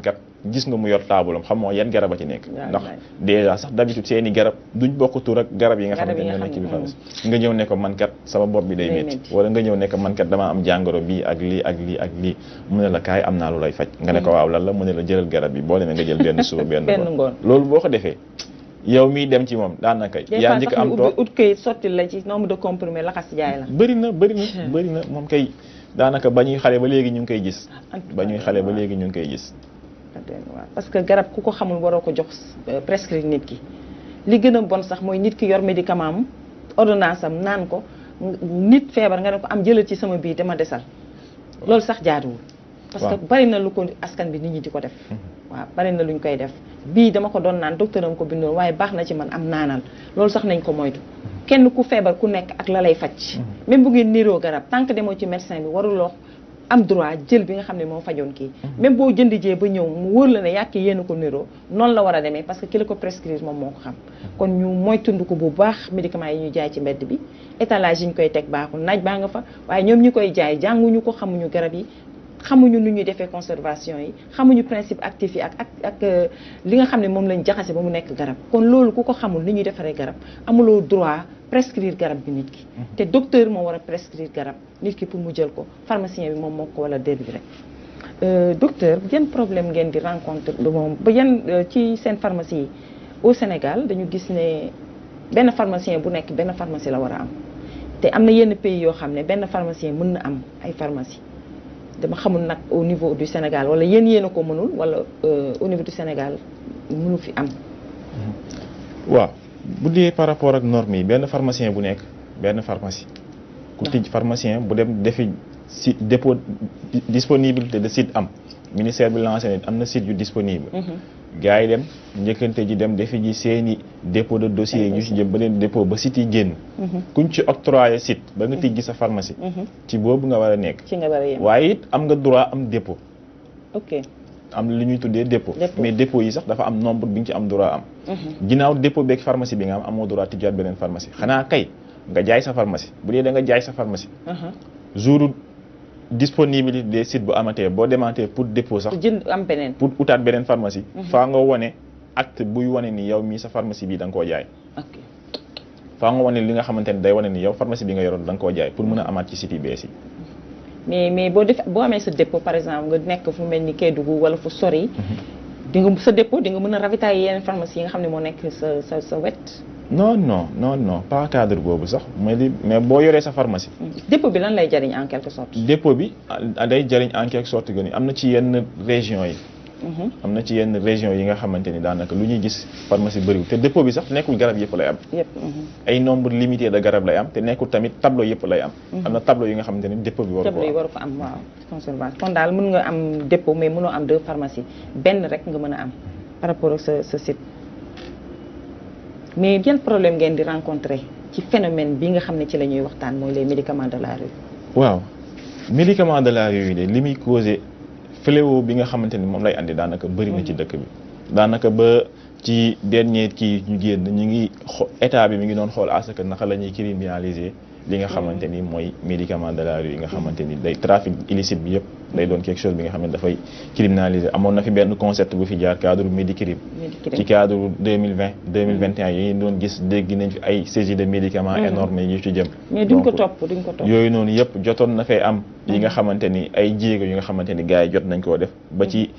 gis nga mu yor taabulam xamoo yan garab a ci nekk ndax dèjà sax d'habitude seeni garab duñ bokk tur ak garab yi nga xam ne ñoo nekk bi faris nga ñëw ne ko man sama bopp bi day métti wala nga ñëw ne ko dama am jàngoro bii ak lii ak li ak lii mu ne la kaay am naa lu lay faj nga ne ko mm-hmm. waaw lan la mu ne la jëlal garab yi boo demee nga jël benn suba benn ngoon loolu boo ko defee yow miy dem ci moom daanaka. yaa njëkk am toog ut kayit sotti la ci nombre de comprimé laxas jaay la. bëri na bëri na hmm. bëri na moom kay daanaka ba ñuy xale ba léegi ñu ngi koy gis. ba ñuy xale ba léegi ñu ngi koy gis. parce que garab ku ko xamul waroo ko jox euh, presque nit ki li gën a bon sax mooy nit ki yor médicament am ordonnance am naan ko nit feebar nga ne ko am jëlal ci sama bii dama desal loolu sax jaaduwul. parce que bari na lu ko askan bi nit ñi di ko def mhm. waaw bari na ñu koy def bii dama ko doon naan docteur ko bindoon waaye baax na ci man am naanal loolu sax nañ ko moytu mhm. kenn ku feebar ku nekk ak la lay faj mhm. même bu ngeen niroo garab tant que demoo ci médecin bi waruloo am droit jël bi nga xam ne moo fajoon kii même boo jënd jee ba ñëw mu wóor la ne yàq yéen ko niroo noonu la war a demee parce que ki la ko prescrire moom moo ko xam kon ñu mooy tund ko bu baax médicaments yi ñu jaay ci mbedd bi étalage yi ñu koy teg baaxul naaj baa nga fa waaye ñoom ñi koy jaay jànguñu ko xamuñu garab yi xamuñu nu ñuy defee conservation yi xamuñu principe actif yi ak ak ak euh, li nga xam ne moom lañ jaxase ba mu nekk garab kon loolu ku ko xamul ni ñuy defaree garab amuloo droit prescrire garab bi nit ki mm-hmm. te docteur moo war a prescrire garab nit ki pour mu jël ko pharmacien bi moom moo ko wala délivrer euh, docteur yan problème ngeen di rencontre du moom ba yan euh, ci seen pharmacie au Sénégal dañu gis ne benn pharmacien bu nekk benn pharmacie la war a am te am na yenn pays yoo xam ne benn pharmacien mën na am ay pharmacie dama xamul nag au niveau du Sénégal wala yéen yéen a ko mënul wala euh, au niveau du Sénégal mënu fi am. waaw bu dee par rapport ak normes yi benn pharmacien bu nekk benn pharmacie. ku tij pharmacien bu dem defi si dépôt disponibilité de site am ministère bi lancé ne am na site yu disponible. Mhm. gars yi dem njëkkante ji dem defi ji seeni dépôt de dossier ñu ci jëm beneen dépôt ba site yi génn mhm. kuñ ci octroyé site ba nga mhm. tijji sa pharmacie mhm. ci boobu nga war a nekk waaye it am nga droit am dépôt ok am lu ñuy tuddee dépôt mais dépôt yi sax dafa am nombre bi nga ci am droit am ginnaaw dépôt beeg pharmacie bi nga am amoo droit tijjaat beneen pharmacie xanaa kay nga jaay sa pharmacie bu dee da nga jaay sa pharmacie disponibilité des sites bu amatee boo demaatee pour dépôt sax. jënd am beneen pour utaat beneen pharmacie. Mhm. faa nga wane acte buy wane ni yow mii sa pharmacie bi da nga koo jaay. faa nga wane li nga xamante ni day wane ni yow pharmacie bi nga yoroon da nga jaay pour mën a amaat ci site yu bees yi. mais mais boo def boo amee sa dépôt par exemple nga nekk fu mel ni Kédougou wala fu sori. Mhm. di nga sa dépôt di nga mën a ravitailler yeneen pharmacie yi nga xam ne moo nekk sa sa sa wet. non non non non pas cadre boobu sax mais li mais boo yoree sa pharmacie. dépôt bi lan lay jëriñ en quelque sorte. dépôt bi day jëriñ en quelque sorte que ni am na ci yenn région yi. Mhm. am na ci yenn région yi nga xamante ni daanaka lu ñuy gis pharmacie bëriwul te dépôt bi sax nekkul garab yëpp lay am. yëpp mhm. ay nombre limité de garab lay am te nekkul tamit tableau yëpp lay am. Mhm. am na tableau yi nga xamante ni dépôt bi. waru ko am tableau yi waru ko am waaw conservation kon daal mën nga am dépôt mais mënoo am deux pharmacie benn rek nga mën a am par rapport ak sa sa site. mais yan problème ngeen di rencontrer ci phénomène bi nga xam ne ci la ñuy waxtaan mooy les médicaments de la rue. waaw médicaments de la rue yi de li muy causé fléau bi nga xamante ni moom lay andi daanaka bëri na ci mm. dëkk bi. daanaka ba ci dernier kii ñu génn ñu ngi xo état bi mu ngi doon xool à ce que naka la ñuy criminaliser. li nga xamante ni mooy médicament de la rue yi nga xamante ni day trafic illicite bi yëpp day doon quelque chose bi nga xam ne dafay criminaliser amoon na fi benn concept bu fi jaar cadre Medicrime ci cadre 2020 2021 yi doon gis dégg nañ fi ay saisie de médicaments mm-hmm. énormes yi ci jëm mais duñ ko topp duñ ko topp yooyu noonu yëpp jotoon na fay am yi nga mm-hmm. xamante ni ay jéego yi nga xamante ni gars yi jot nañ koo def ba ci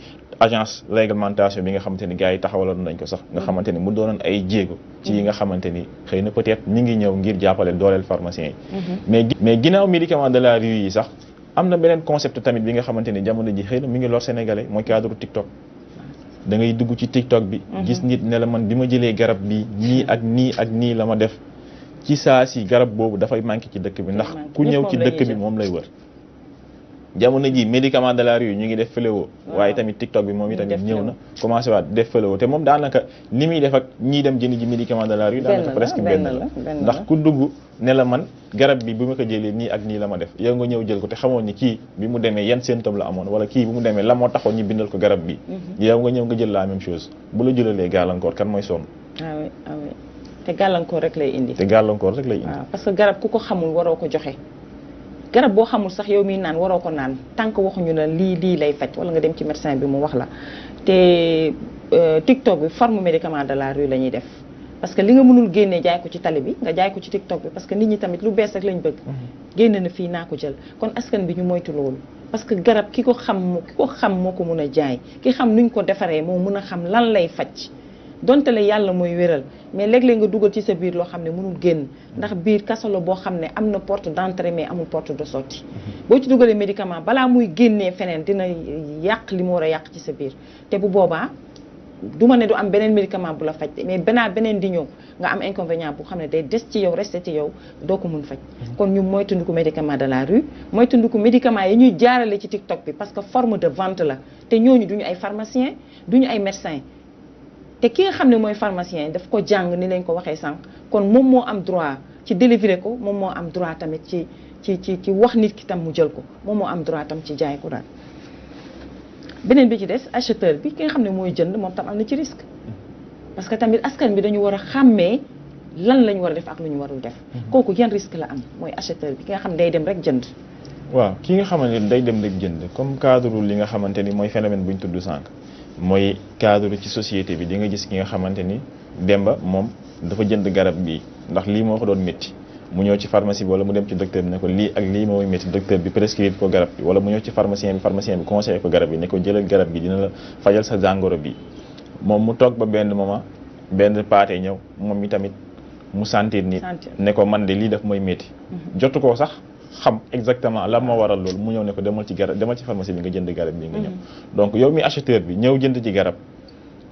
agence réglementation bi nga xamante ni gars la taxawaloon nañ ko sax nga mm. xamante ni mu doonoon ay jéego ci yi nga mm. xamante ni xëy na peut-être ñi ngi ñëw ngir jàppale dooleel pharmacien yi mm-hmm. mais mais ginnaaw médicament de la rue yi sax am na beneen concept tamit bi nga xamante ni jamono ji xëy na mi ngi lor sénégalais mooy cadre TikTok da ngay dugg ci TikTok bi mm-hmm. gis nit ne la man bi ma jëlee garab bi nii ak nii ak nii la ma def ci saa si garab boobu dafay manqué ci dëkk bi ndax ku ñëw ci dëkk bi moom lay wër jamono ji médicament de la rue ñu ngi def fléau waaye tamit TikTok bi moom itamit ñëw na commencé waat def fléau te moom daanaka li muy def ak ñiy dem jënd ji médicament de la rue daanaka presque benn la ndax ku dugg ne la man garab bi bu ma ko jëlee nii ak nii la ma def yow nga ñëw jël ko te xamoon ni kii bi mu demee yan symptôme la amoon wala kii bi mu demee la moo taxoon ñu bindal ko garab bi mhm. yow nga ñëw nga jël la même chose bu la jëlalee gàllankoor kan mooy sonn ah ah te gàllankoor rek lay gàllankoor rek lay parce que garab ku ko xamul waroo ko joxe garab boo xamul sax yow mi naan waroo ko naan tant que waxuñu la lii lii lay faj wala nga dem ci médecin bi mu wax la te euh, TikTok bi forme médicament de la rue la ñuy def parce que li nga mënul génnee jaay ko ci tali bi nga jaay ko ci TikTok bi parce que nit ñi tamit lu bees rek lañ bëgg mm-hmm. génn na fii naa ko jël kon askan bi ñu moytu loolu parce que garab ki ko xam ki ko xam moo ko mun a jaay ki xam nu ñu ko defaree moo mun a xam lan lay faj donte la yàlla mooy wéral mais léeg nga dugal ci sa biir loo xam ne mënul génn ndax biir kaso boo xam ne am na porte d'entrée mais amul porte de sortie mhm. boo ci dugalee médicament balaa muy génnee feneen dina yàq li mu war a yàq ci sa biir te bu boobaa du ma ne du am beneen médicament bu la faj mais benaa beneen di ñëw nga am inconvénient bu xam ne day des ci yow resté ci yow doo ko mun faj mhm. kon ñu mooy tundu ko médicament de la rue mooy tundu ko médicament yi ñuy jaarale ci TikTok bi parce que forme de vente la te ñooñu duñu ay pharmacien duñu ay médecin te ki nga xam ne mooy pharmacien daf ko jàng ni lañ ko waxee sànq kon moom moo am droit ci délivrer ko moom moo am droit tamit ci ci ci ci wax nit ki tam mu jël ko moom moo am droit tam ci jaay ko daal beneen bi ci des acheteur bi ki nga xam ne mooy jënd moom tam am na ci risque parce que tamit askan bi dañu war a xàmmee lan la war a def ak lu ñu warul def mhm. kooku yan risque la am mooy acheteur bi ki nga xam ne day dem rek jënd waaw ki nga xamante ni day dem rek jënd comme cadre li nga xamante ni mooy phénomène bu ñu tudd sànq mooy cadre ci société bi di nga gis ki nga xamante ni demba moom dafa jënd garab gi ndax lii moo ko doon métti mu ñëw ci pharmacie bi wala mu dem ci docteur bi ne ko lii ak lii mooy métti docteur bi prescrire ko garab bi wala mu ñëw ci pharmacien bi pharmacien bi conseillé ko garab bi ne ko jëlal garab gi dina la fajal sa jàngoro bi moom mu toog ba benn moment benn paate ñëw moom mi tamit mu sentir ni ne ko man de lii daf mooy métti mhm. jotu ko sax xam exactement lan moo waral loolu mu ñëw ne ko demal ci garab demal ci pharmacie bi nga jënd garab bi nga ñëw mm-hmm. donc yow mi acheteur bi ñëw jënd ci garab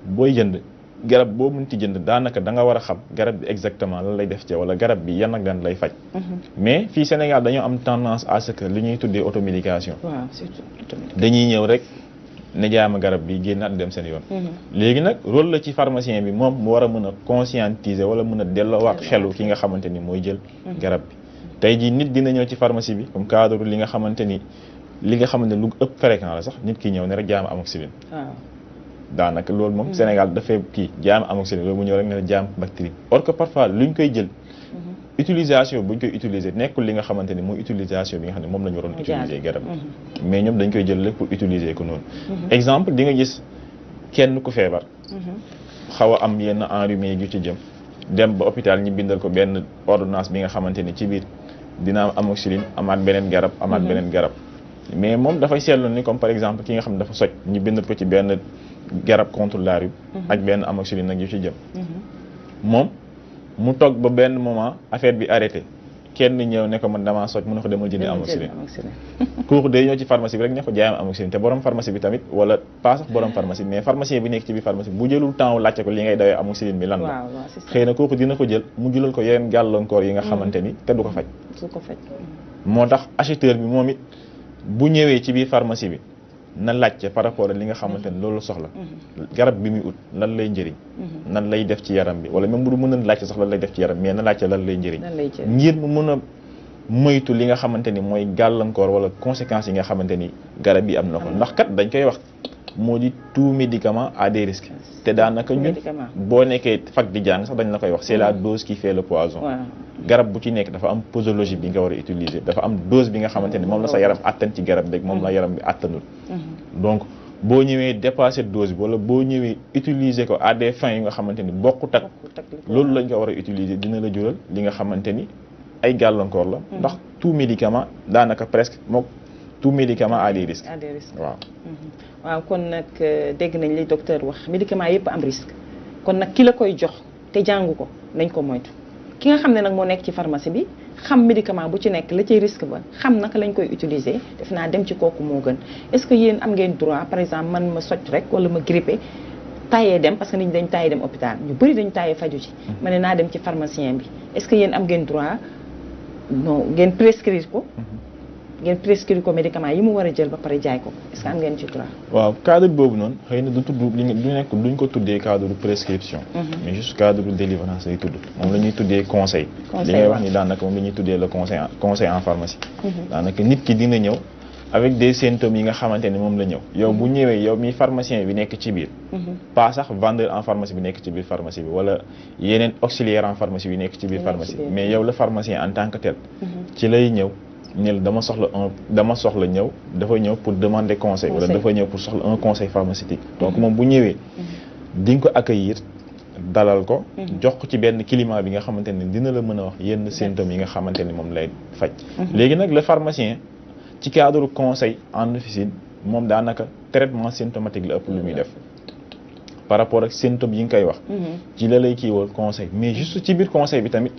booy jënd garab boo mun mënti jënd daanaka da nga war a xam garab bi exactement lan lay def ci wala garab bi yan ak lan lay faj mm-hmm. mais fii Sénégal dañoo am tendance à que li ñuy tuddee automédication waaw surtout dañuy ñëw rek ne jaama garab bi génnaat dem seen yoon mm-hmm. léegi nag rôle la ci pharmacien bi moom mu war a mën a conscientiser wala mën a delloowaat xelu ki nga xamante ni mooy jël garab bi tey jii nit dina ñëw ci pharmacie bi comme cadre li nga xamante ni li nga xamante ni lu ëpp fréquent la sax nit ki ñëw ne rek jaam amoxicilline ah. daanaka loolu moom hmm. Sénégal dafay kii jaam amoxicilline loolu mu ñëw rek ne la jaam bactérie or que parfois ñu koy jël hmm. utilisation buñ koy utiliser nekkul li nga xamante ni mooy utilisation bi nga xam ne moom la ñu waroon utiliser garab hmm. mais ñoom dañ koy jël rek pour utiliser ko noonu exemple di nga gis kenn ku feebar xaw am yenn enrhumé yu ci jëm dem ba hôpital ñi bindal ko benn ordonnance bi nga xamante ni ci biir dina am amoxiline amaat beneen garab amaat mhm. beneen garab mais moom dafay seetlu ni comme par exemple ki nga xam ne dafa soj ñu bind ko ci benn garab contre la rub mhm. ak benn amoxiline nag yu ci jëm mhm. moom mu toog ba benn moment affaire bi arrêté kenn ñëw ne ko man damaa soj mu ne ko demal jëndi amoxicillin kuux day ñëw ci pharmacie bi rek ne ko jaayam amoxicillin te borom pharmacie bi tamit wala pas sax borom pharmacie mais pharmacien bi nekk ci biir pharmacie bu jëlul temps wu laajte ko li ngay dawee amoxicillin bi lan la xëy na kooku dina ko jël mu julal ko yeneen gàllankoor yi nga mm. xamante ni te du ko faj moo tax acheteur bi moom it bu ñëwee ci biir pharmacie bi na laajte par rapport ak li nga xamante ne mm-hmm. loolu soxla mm-hmm. garab bi muy ut lan lay njëriñ mm-hmm. nan lay def ci yaram bi wala même bu du mën a laajte sax lan lay def ci yaram mais na laajte lan lay njariñ ngir mu mën a moytu li nga xamante ni mooy gàllankoor wala conséquence yi nga xamante ni garab yi am na ko mm-hmm. ndax kat dañ koy wax moo di tout médicament à des risques te daanaka ñun boo nekkee fag di jàng sax dañ la koy wax c'est la mm-hmm. dose qui fait le poison garab bu ci nekk dafa am posologie bi nga war a utiliser dafa am dose bi xamante ni moom la sa yaram attan ci garab beeg moom la mm-hmm. yaram bi attanul donc boo ñëwee dépasser dose bi wala boo ñëwee utiliser ko à des fins yi nga xamante ni bokkut ak loolu lañ ko war a utiliser dina la jural li nga xamante ni ay gàllankoor la. Mm-hmm. ndax tout médicament daanaka presque mook tout médicament à des risques. à des risques waaw. Mm-hmm. waaw kon nag euh, dégg nañ li docteur wax médicament yëpp am risque kon nag ki la koy jox te jàng ko nañ ko moytu ki nga xam ne nag moo nekk ci pharmacie bi xam médicament bu ci nekk la ci risque ba xam naka lañ koy utiliser def naa dem ci kooku moo gën est-ce que yéen am ngeen droit par exemple man ma socc rek wala ma grippé taayee dem parce que nit ñi dañ taayee dem hôpital ñu bëri dañ taayee faju ci mm-hmm. ne naa dem ci pharmacien bi est-ce que yéen am non ngeen prescrire ko. ngeen prescrire ko médicament yi mu war a jël ba pare jaay ko est-ce que am ngeen ci droit. waaw cadre boobu noonu xëy na du tudd du nekk duñ ko tuddee cadre prescription. Mhm. mais juste cadre délivrance lay tudd. moom la ñuy tuddee conseil. li ngay wax ni daanaka moom la tuddee le conseil en pharmacie. Mhm. daanaka nit ki dina ñëw. avec des symptômes yi nga xamante ne moom la ñëw yow bu mm-hmm. ñëwee yow mi pharmacien bi nekk ci biir mm-hmm. pas sax vendeur en pharmacie bi nekk ci biir pharmacie bi wala yeneen auxiliaire en pharmacie bi nekk ci biir pharmacie mais yow la pharmacien en tant que tel mm-hmm. ci lay ñëw ne dama soxla un dama soxla ñëw dafa ñëw pour demander conseil wala dafa ñëw pour soxla un conseil pharmaceutique donc moom bu ñëwee di nga ko accueillir dalal ko jox ko ci benn climat bi nga xamante ne dina la mën a wax yenn symptômes yi nga xamante ne moom lay faj léegi nag le pharmacien ci cadre conseil en officine moom daanaka traitement symptomatique la ëpp lu muy def par rapport ak symptômes yi nga koy wax mhm. ci la lay kii woon conseil mais juste ci biir conseil bi tamit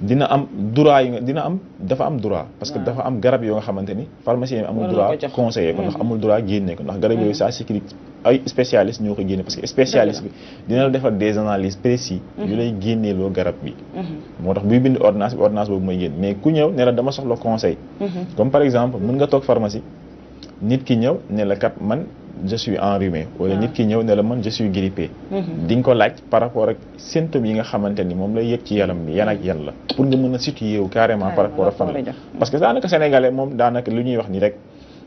dina am droit yi nga dina am dafa am droit parce que dafa am garab yoo nga xamante ni pharmacien bi amul droit conseiller ko ndax mhm. amul droit génne ko ndax garab yooyu mhm. saa sécurité ay spécialiste ñoo ko génne parce que spécialiste bi dina la defar des analyses précis mhm. yu lay génneeloo garab bi mhm. moo tax buy bind ordonnance bi ordonnance boobu mooy génn mais ku ñëw ne la dama soxla conseil mhm. comme par exemple mën nga toog pharmacie nit ki ñëw ne la kat man je suis wala ah. nit ki ñëw ne la man je suis grippé di nga ko laaj par rapport ak symptômes yi nga xamante ni moom lay yëg ci yaram bi yan ak yan la pour nga mën a situé wu carrément par rapport moom daanaka lu ñuy wax ni rek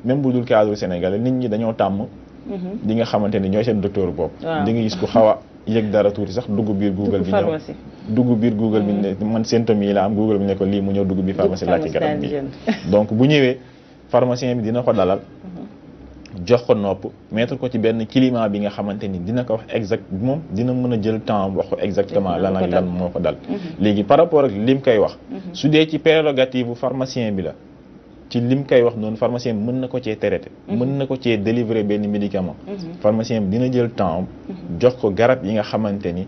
même bu dul cadre sénégalais nit ñi dañoo tàmm Mhm. ñi nga xamante ni ñooy seen docteur boobu di nga gis ku xaw a yëg dara tuuti sax dugg biir google bi ñëw dugg biir google bi ne mhm. man symptôme yi la am google bi ne ko lii mu ñëw dugg biir pharmacie laa ci garab bi donc bu ñëwee pharmacien bi dina ko dalal mhm. jox ko nopp mettre ko ci benn climat bi nga xamante ni dina ko wax exact moom dina mën a jël temps wax ko exactement lan ak lan moo ko dal léegi par rapport ak lim koy wax su dee ci prérogative bu pharmacien bi la ci lim koy wax noonu pharmacien bi mën na ko cee traité. Mhm. mën na ko cee délivrer benn médicament. Mhm. pharmacien bi dina jël temps mhm. jox ko garab yi nga xamante ni.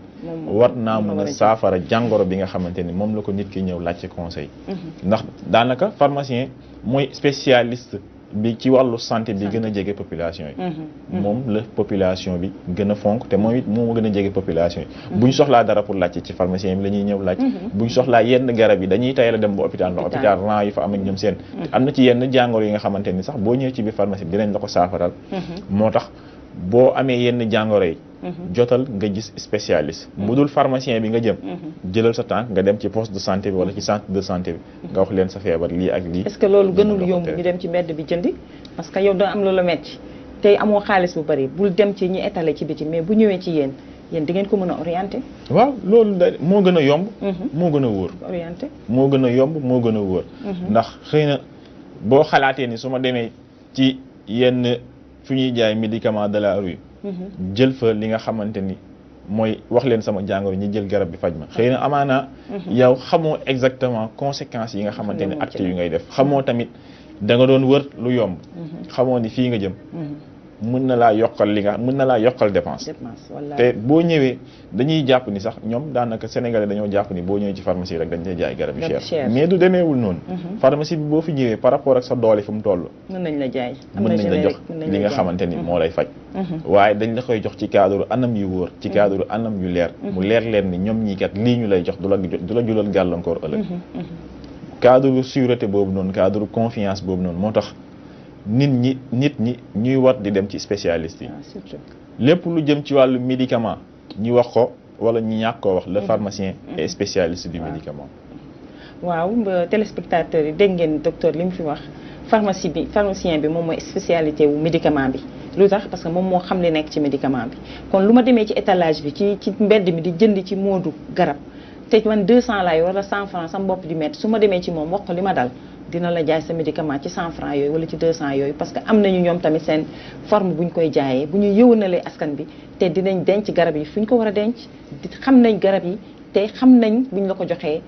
war naa mën a saafara jàngoro bi nga xamante ni moom la ko nit ki ñëw laaj ci conseil. ndax daanaka pharmacien mooy spécialiste. bi ci wàllu santé bi gën a jege population yi mm-hmm. Mm-hmm. moom la population bi gën a fonk te moom it moom gën a jege population yi mm-hmm. buñ soxlaa dara pour laajte ci pharmacien bi la ñuy ñëw laaj buñ soxlaa yenn garab yi dañuy tayal a dem ba hôpital ndax hôpital rang yi fa am ak ñoom seen am na ci yenn jàngoro yi nga xamante ni sax boo ñëwee ci biir pharmacie bi dinañ la ko saafaral moo tax boo amee yenn jàngoro yi. Mhm. jotal nga gis spécialiste. Mhm. mu pharmacien bi nga jëm. Mhm. jëlal sa temps nga dem ci poste de santé bi wala ci centre de santé bi. nga wax leen sa feebar lii ak lii. est-ce que loolu gënul yomb ñu dem ci mbedd bi jëndi parce que yow da am loola metti tey amoo xaalis bu bari bul dem ci ñi étalé ci biti mais bu ñëwee ci yéen yéen ko mën a orienté. waaw loolu da moo gën a yomb. moo gën a wóor. a a ndax xëy na boo xalaatee ni su ma demee ci fu ñuy jaay médicament de la rue mhm. jël fa li nga xamante ni mooy wax leen sama jàngoro ñu jël garab bi faj ma xëy na amaana mhm. yow xamoo exactement conséquences yi nga xamante ni acte yu ngay def xamoo tamit danga nga doon wër lu yomb mhm. xamoo ni fii nga jëm mën na laa yokkal li nga mën na laa yokkal dépense. te boo ñëwee dañuy jàpp ni sax ñoom daanaka sénégalais dañoo jàpp ni boo ñëwee ci pharmacie rek dañ cee jaay garab yu cher mais du demeewul noonu. Mhm. pharmacie bi boo fi ñëwee par rapport ak sa doole fi mu toll. mën nañ la jaay mën nañ li nga xamante ni moo mhm. lay faj. Mhm. waaye dañ la koy jox ci cadre anam yu wóor ci cadre anam yu leer. mu leer leen ni ñoom ñii kat lii ñu lay jox du la du la julal gàllankoor ëllëg. cadre sûreté boobu noonu cadre confiance boobu noonu moo tax nit ñi nit ñi ñuy war di dem ci spécialiste yi ah, lépp lu jëm ci wàllu médicament ñu wax ko wala ñu ñàkk koo wax le mm-hmm. pharmacien mm-hmm. est spécialiste du ah. médicament waaw téléspectateurs yi dégg ngeen docteur li mu fi wax pharmacie bi pharmacien bi moom mooy spécialité wu médicament bi lu tax parce que moom moo xam li nekk ci médicament bi kon lu ma demee ci étalage bi ci ci mbedd mi di jënd ci moodu garab te man 200 laay wala 100 francs sam bopp di métti su ma demee ci moom wax li ma dal dina la jaay sa médicament ci 100 francs yooyu wala ci 200 yooyu parce que am nañu ñoom tamit seen forme bu ñu koy jaayee bu ñu yëwanalee askan bi te dinañ denc garab yi fu ñu ko war a denc xam nañ garab yi te xam nañ bu la ko joxee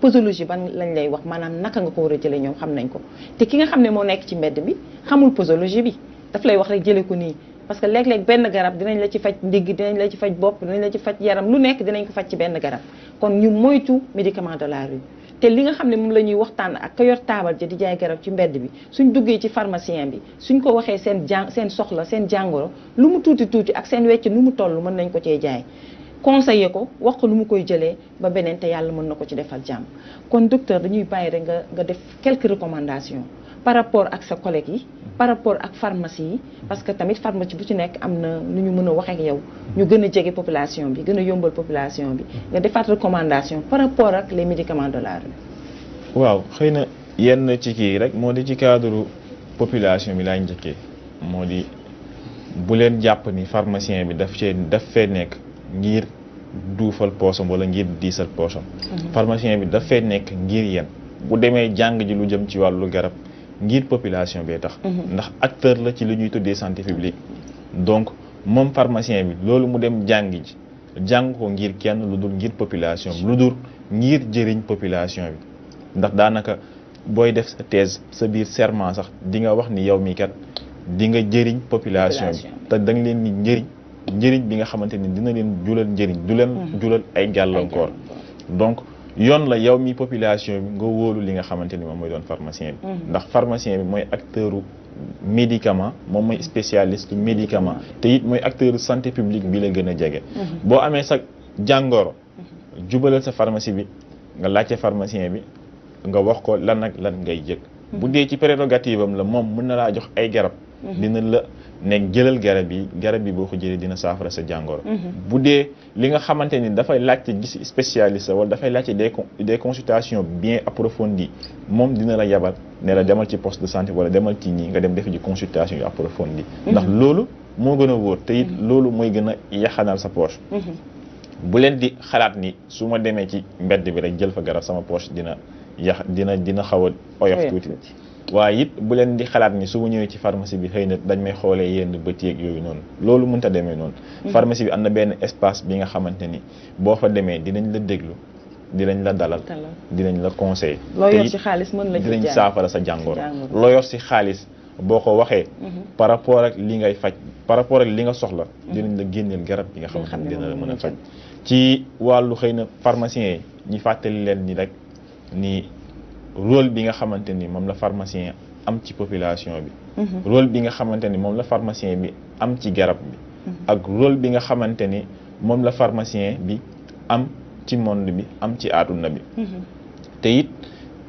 posologie ban lañ lay wax maanaam naka nga ko war a jëlee ñoom xam nañ ko te ki nga xam ne moo nekk ci mbedd bi xamul posologie bi daf lay wax rek jëlee ko nii parce que léeg-léeg benn garab dinañ la ci faj ndigg dinañ la ci faj bopp dinañ la ci faj yaram lu nekk dinañ ko faj ci benn garab kon ñu moytu médicament de la rue te li nga xam ne moom la ñuy waxtaan ak ka yor taabal ja di jaay garab ci mbedd bi suñ duggee ci pharmacien bi suñ ko waxee seen jàng seen soxla seen jàngoro lu mu tuuti tuuti ak seen wecc lu mu toll mën nañ ko cee jaay conseiller ko wax ko lu mu koy jëlee ba beneen te yàlla mën na ko ci defal jàmm kon docteur dañuy bàyyi rek nga nga def quelques recommandations par rapport ak sa collègue yi par rapport ak pharmacie yi parce que tamit pharmacie bu ci nekk am na nu ñu mën a wax ak yow ñu gën a jege population bi gën a yombal population bi nga defaat recommandation par rapport ak les médicaments de la waaw xëy na yenn ci kii rek moo di ci cadre population bi laay njëkkee moo di bu leen jàpp ni pharmacien bi daf cee daf fee nekk ngir duufal poosam wala ngir diisal poosam mhm. pharmacien bi daf fee nekk ngir yéen bu demee jàng ji lu jëm ci wàllu garab ngir population bee tax. Mhm. ndax acteur la ci li ñuy tuddee santé publique. donc moom pharmacien bi loolu mu dem jàng ji jàng ko ngir kenn lu dul ngir population bi lu dul ngir jëriñ population bi ndax daanaka booy def sa thèse sa biir serment sax di nga wax ni yow mi kat di nga jëriñ population bi te da leen ni njëriñ njëriñ bi nga xamante ni dina leen julal njëriñ du leen mhm. julal ay gàllankoor donc yoon la yow mi population bi nga wóolu li nga xamante ni moom mooy doon pharmacien bi mm-hmm. ndax pharmacien bi mooy acteuru médicament moom mooy spécialiste médicament te mooy acteuru santé publique bi la gën a jege mm-hmm. boo amee sa jàngooro mm-hmm. jubalal sa pharmacie bi nga laajte pharmacien bi nga wax ko lan ak lan ngay jëkk bu dee ci prérogative am la moom mën na laa jox ay garab dina la ne jëlal garab yi garab yi boo ko jëlee dina saafara sa jàngoro. bu dee li nga xamante ni dafay laajte gis spécialiste wala dafay laajte des des consultations bien approfondies moom dina la yabal ne la demal ci poste de santé wala demal ci ñii nga dem def ji consultation yu approfondie ndax mhm. loolu moo gën a wóor te mhm. loolu mooy gën a yaxanal sa poche. Mhm. bu leen di xalaat ni su ma demee ci mbedd bi rek jël fa garab sama poche dina yax dina dina xaw a oyof tuuti. waaye it bu leen di xalaat ni su ma ñëwee ci pharmacie bi xëy na dañ may xoolee yenn bët yeeg yooyu noonu loolu mënut a demee noonu. Mm-hmm. pharmacie bi am na benn espace bi nga xamante ni boo fa demee dinañ la déglu dinañ la dalal. dinañ la conseil loo yor si xaalis mën la dinañ saafara sa jàngoro. loo yor si xaalis boo ko waxee. Mm-hmm. par rapport ak li ngay faj par rapport ak li nga soxla. Mm-hmm. dinañ la génneel garab bi nga xamante ni dina la mën a faj. ci wàllu xëy na pharmacien yi ñu fàttali leen nii rek ni. role bi nga xamante ni moom la pharmacien am ci population bi mhm. rôle bi nga xamante ni moom la pharmacien bi am ci garab bi mhm. ak rôle bi nga xamante ni moom la pharmacien bi am ci monde bi am ci àdduna bi mhm. te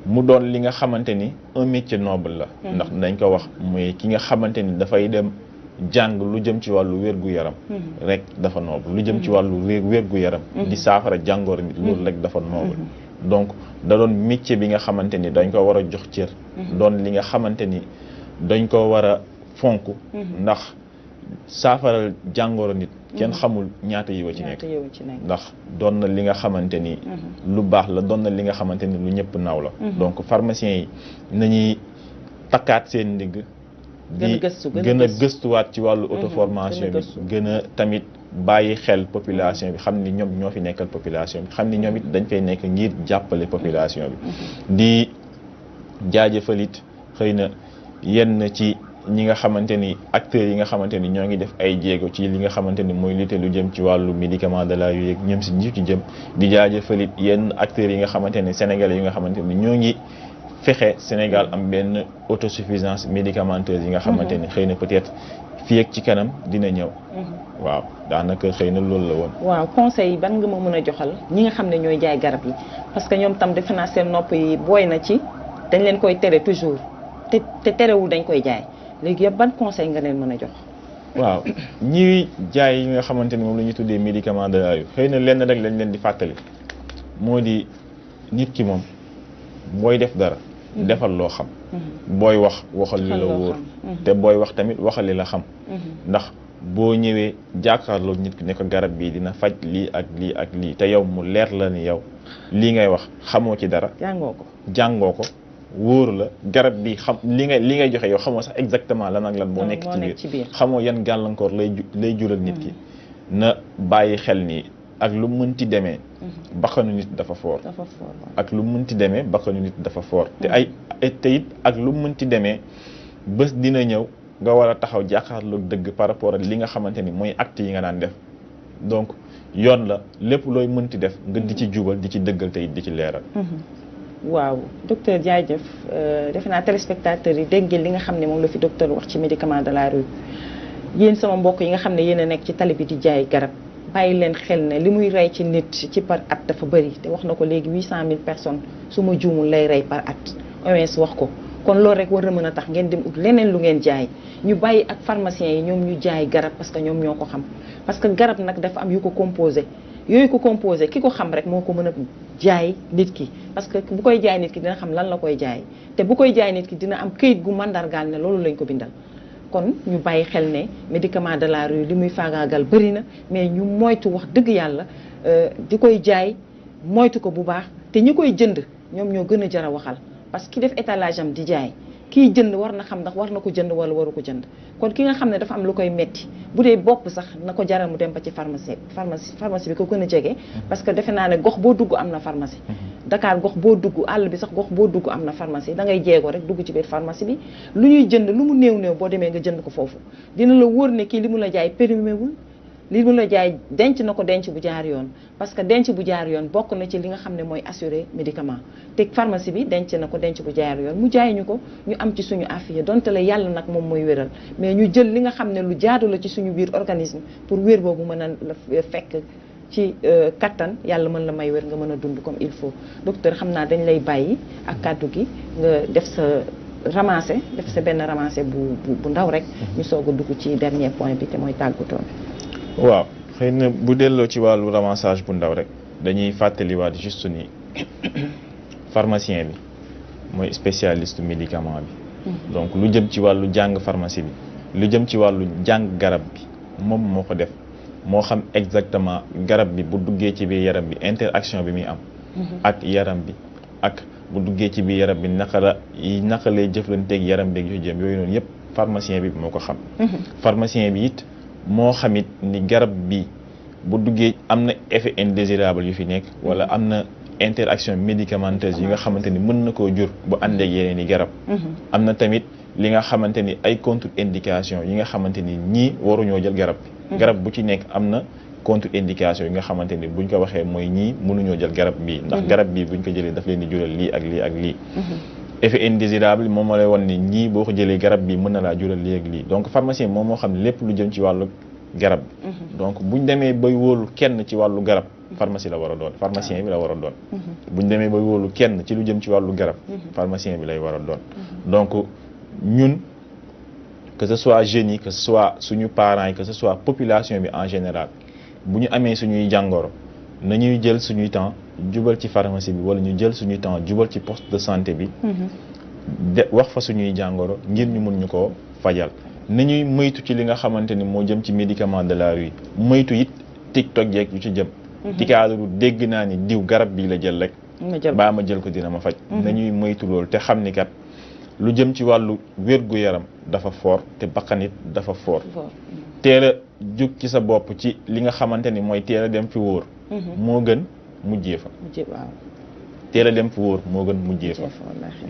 mu doon li nga xamante ni un métier noble la ndax dañ ko wax muy ki nga xamante ni dafay dem jàng lu jëm ci wàllu wér-gu-yaram mhm. rek dafa noble lu jëm ci mhm. wàllu wéer gu yaram mhm. di saafara jàngoor nit loolu rek dafa noble donc da doon métier bi nga xamante ni dañ ko war a jox cër doon li nga xamante ni dañ ko war a fonk ndax saafaral jàngoro nit kenn xamul ñaata yiw ci nekk ndax doon na li nga xamante ni lu baax la doon na li nga xamante ni lu ñëpp naaw la donc pharmacien yi nañuy takkaat seen ndigg di gën a gëstuwaat ci wàllu mhm, autoformation bi gën a tamit bàyyi xel population bi mhm. xam ni ñoom ñoo fi nekkal population bi xam ni ñoom it mhm. dañ fay nekk ngir jàppale population bi di jaajëfal it xëy na yenn ci ñi nga xamante ni acteurs yi nga xamante ni ñoo ngi def ay jéego ci li nga xamante ni mooy lite lu jëm ci wàllu médicament de la yeeg ñoom si ñu ci jëm di jaajëfalit yenn acteurs yi nga xamante ni sénégalais yi nga xamante ni ñoo ngi fexe Sénégal am benn autosuffisance médicamenteuse yi nga xamante ni xëy na peut-être fii ak ci kanam dina ñëw. Mhm. waaw daanaka xëy na loolu la woon. waaw conseil ban nga ma mën a joxal ñi nga xam ne ñooy jaay garab parce que ñoom tam defe naa seen nopp booy na ci dañ leen koy toujours te te terewul dañ koy jaay léegi yëpp ban conseil nga leen mën a jox. waaw ñi jaay yi nga xamante ni moom la ñuy tuddee médicament de la xëy na lenn rek lañ leen di fàttali moo di nit ki moom mooy def dara. Mm-hmm. defal loo xam mm-hmm. booy wax waxal la wóor mm-hmm. te booy wax tamit waxal li la xam ndax boo ñëwee jàkkaarloo nit ki ne ko garab bii dina faj lii ak lii ak lii te yow mu leer la ni yow lii ngay wax xamoo ci dara jàngoo ko jàngoo ko wóoru la garab bi xam li ngay li ngay joxe yow xamoo sax exactement lan ak lan boo nekk ci biir xamoo yan gàllankoor lay lay jural nit ki na bàyyi xel nii ak lu mënti demee mhm. bakkanu nit dafa foor ak lu mënti demee bakkanu nit dafa foor te mhm. ay te it ak lu mënti demee bés dina ñëw nga war a taxaw jàkkaarloog dëgg par rapport ak li nga xamante ni mooy acte yi nga daan def donc yoon la lépp looy mënti def nga di ci mhm. jubal di ci dëggal te it ci leeral waaw docteur jaajëf euh, defe naa téléspectateurs yi dégg ngeen li nga xam ne moom la fi docteur wax ci médicament de la rue yéen sama mbokk yi nga xam ne yéen nekk ci tali bi di jaay garab bàyyi leen xel ne li muy rey ci nit ci par at dafa bëri te wax na ko léegi huit cent mille personnes su ma juumul lay rey par at OMS wax ko kon loolu rek war na mën a tax ngeen dem ut leneen lu ngeen jaay ñu bàyyi ak pharmaciens yi ñoom ñu jaay garab parce que ñoom ñoo ko xam parce que garab nag dafa am yu ko composé yooyu ko composé ki ko xam rek moo ko mën a jaay nit ki parce que bu koy jaay nit ki dina xam lan la koy jaay te bu koy jaay nit ki dina am këyit gu mandargaal ne loolu lañ ko bindal kon ñu bàyyi xel ne médicament de la rue li muy faagaagal bari na mais ñu moytu wax dëgg yàlla euh, di koy jaay moytu ko bu baax te ñi koy jënd ñoom ñoo gën a jar a waxal parce que ki def étalage di jaay kiy jënd war na xam ndax war na ko jënd wala waru ko jënd kon ki nga xam ne dafa am lu koy metti bu dee bopp sax na ko jaral mu dem ba ci pharmacie pharmacie pharmacie bi ko gën a jege parce que defe naa ne gox boo dugg am na pharmacie mm-hmm. Dakar gox boo dugg àll bi sax gox boo dugg am na pharmacie dangay ngay jeego rek dugg ci biir pharmacie bi lu ñuy jënd lu mu néew néew boo demee nga jënd ko foofu dina la wóor ne kii li mu la jaay périmé wul li mu la jaay denc na ko denc bu jaar yoon parce que denc bu jaar yoon bokk na ci li nga xam ne mooy assuré médicament te pharmacie bi denc na ko denc bu jaar yoon mu jaay ñu ko ñu am ci suñu afiya donte la yàlla nag moom mooy wéral mais ñu jël li nga xam ne lu jaadu la ci suñu biir organisme pour wér boobu mën a fekk ci euh, kattan yàlla mën la may wér nga mën a dund comme il faut docteur xam naa dañ lay bàyyi ak kàddu gi nga def sa ramassé def sa benn ramassé bu bu ndaw rek ñu soog a dugg ci dernier point bi te mooy tàggatoo bi waaw xëy na bu delloo ci wàllu ramassage bu ndaw rek dañuy fàttaliwaat juste ni pharmacien bi mooy spécialiste médicament bi mm-hmm. donc lu jëm ci wàllu jàng pharmacie bi lu jëm ci wàllu jàng garab bi moom moo ko def moo xam exactement garab bi bu duggee ci biir yaram bi interaction bi muy am mm-hmm. ak yaram bi ak bu duggee ci biir yaram bi naka la naka lay yaram beeg yu jëm yooyu noonu yëpp pharmacien bi moo ko xam mm-hmm. pharmacien bi it moo xamit ni garab bi bu duggee am na effet indésirable yu fi nekk wala am na interaction médicamenteuse yi nga xamante ni mën na koo jur bu àndee yeneen i garab mm-hmm. am na tamit li nga xamante ni ay contre indication yi nga xamante ni ñii waruñoo jël garab garab bu ci nekk am na contre indication yi nga xamante ni buñ ko waxee mooy ñii mënuñoo jël garab bii ndax mhm. garab bii buñ ko jëlee daf leen di jural lii ak lii ak lii mhm. effet indésirable moom moo lay wan ni ñii boo ko jëlee garab bi mën na laa jural lii ak lii donc pharmacien moom moo xam lépp lu jëm ci wàllu garab mhm. donc buñ demee bay wóolu kenn ci wàllu garab pharmacie la war a doon pharmacien bi la war a doon buñ demee bay wóolu kenn ci lu jëm ci wàllu garab pharmacien bi lay war a doon donc ñun que ce soit jeunes yi que ce soit suñu parent yi que soit population bi en général bu ñu amee suñuy jàngoro na ñuy jël suñuy temps jubal ci pharmacie bi wala ñu jël suñu temps jubal ci poste de santé bi. Mm-hmm. de wax fa suñuy jàngoro ngir ñu mun ñu ko fajal. na ñuy moytu ci li nga xamante ni moo jëm ci médicament de la rue moytu it tiktok yeeg yu ci jëm. Mm-hmm. tikaaru dégg naa ni diw garab bi la jël rek. baa ma jël ko dina ma faj. na mm-hmm. nañuy moytu loolu te xam ni kat. lu jëm ci wàllu wér-gu-yaram dafa foor te bakkan dafa foor teel a jóg ci sa bopp ci li nga xamante ni mooy teel a dem fi wóor mhm. moo gën mujjee fa teel dem fi moo gën mujjee